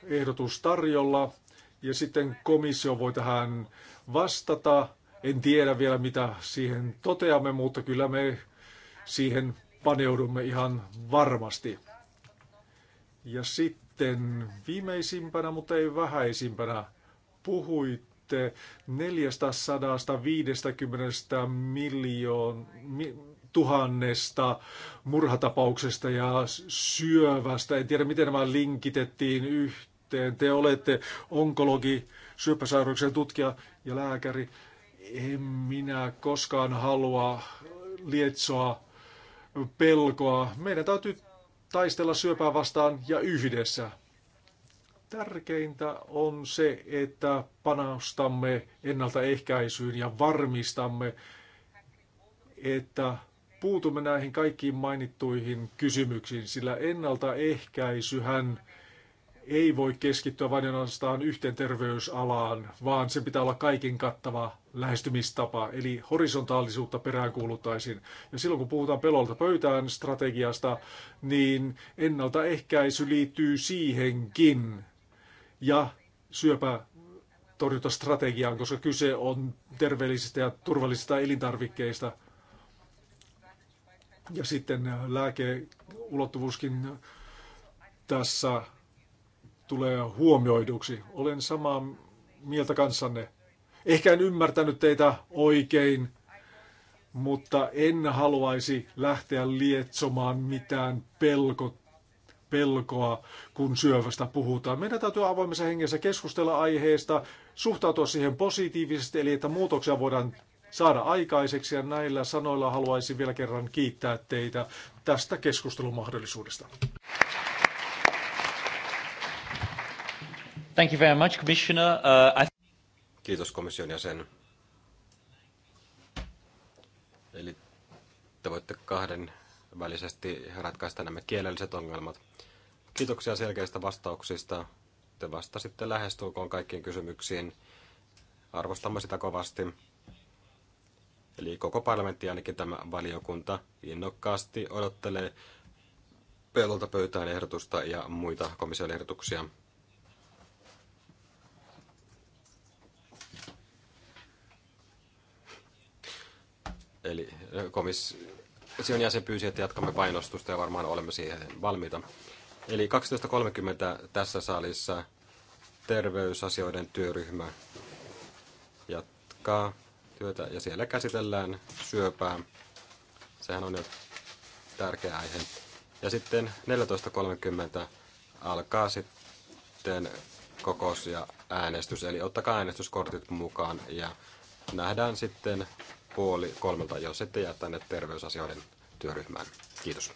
A: ehdotus tarjolla ja sitten komissio voi tähän vastata. En tiedä vielä mitä siihen toteamme, mutta kyllä me siihen paneudumme ihan varmasti. Ja sitten viimeisimpänä, mutta ei vähäisimpänä, puhuit puhuitte 450 miljoon, mi, tuhannesta murhatapauksesta ja syövästä. En tiedä, miten nämä linkitettiin yhteen. Te olette onkologi, syöpäsairauksen tutkija ja lääkäri. En minä koskaan halua lietsoa pelkoa. Meidän täytyy taistella syöpää vastaan ja yhdessä. Tärkeintä on se, että panostamme ennaltaehkäisyyn ja varmistamme, että puutumme näihin kaikkiin mainittuihin kysymyksiin, sillä ennaltaehkäisyhän ei voi keskittyä vain ainoastaan yhteen terveysalaan, vaan se pitää olla kaiken kattava lähestymistapa, eli horisontaalisuutta peräänkuuluttaisiin. Ja silloin kun puhutaan pelolta pöytään strategiasta, niin ennaltaehkäisy liittyy siihenkin ja syöpätorjuntastrategiaan, koska kyse on terveellisistä ja turvallisista elintarvikkeista. Ja sitten lääkeulottuvuuskin tässä tulee huomioiduksi. Olen samaa mieltä kanssanne. Ehkä en ymmärtänyt teitä oikein, mutta en haluaisi lähteä lietsomaan mitään pelkot pelkoa, kun syövästä puhutaan. Meidän täytyy avoimessa hengessä keskustella aiheesta, suhtautua siihen positiivisesti, eli että muutoksia voidaan saada aikaiseksi. Ja näillä sanoilla haluaisin vielä kerran kiittää teitä tästä keskustelumahdollisuudesta. Thank you very
C: much, Commissioner.
B: Uh, I... Kiitos komission jäsen. Eli te voitte kahden välisesti ratkaista nämä kielelliset ongelmat. Kiitoksia selkeistä vastauksista. Te vastasitte lähestulkoon kaikkiin kysymyksiin. Arvostamme sitä kovasti. Eli koko parlamentti, ainakin tämä valiokunta, innokkaasti odottelee pelolta pöytään ehdotusta ja muita komission ehdotuksia. Eli eh, komis, Komission jäsen pyysi, että jatkamme painostusta ja varmaan olemme siihen valmiita. Eli 12.30 tässä salissa terveysasioiden työryhmä jatkaa työtä ja siellä käsitellään syöpää. Sehän on jo tärkeä aihe. Ja sitten 14.30 alkaa sitten kokous ja äänestys. Eli ottakaa äänestyskortit mukaan ja nähdään sitten puoli kolmelta, jos ette jää tänne terveysasioiden työryhmään. Kiitos.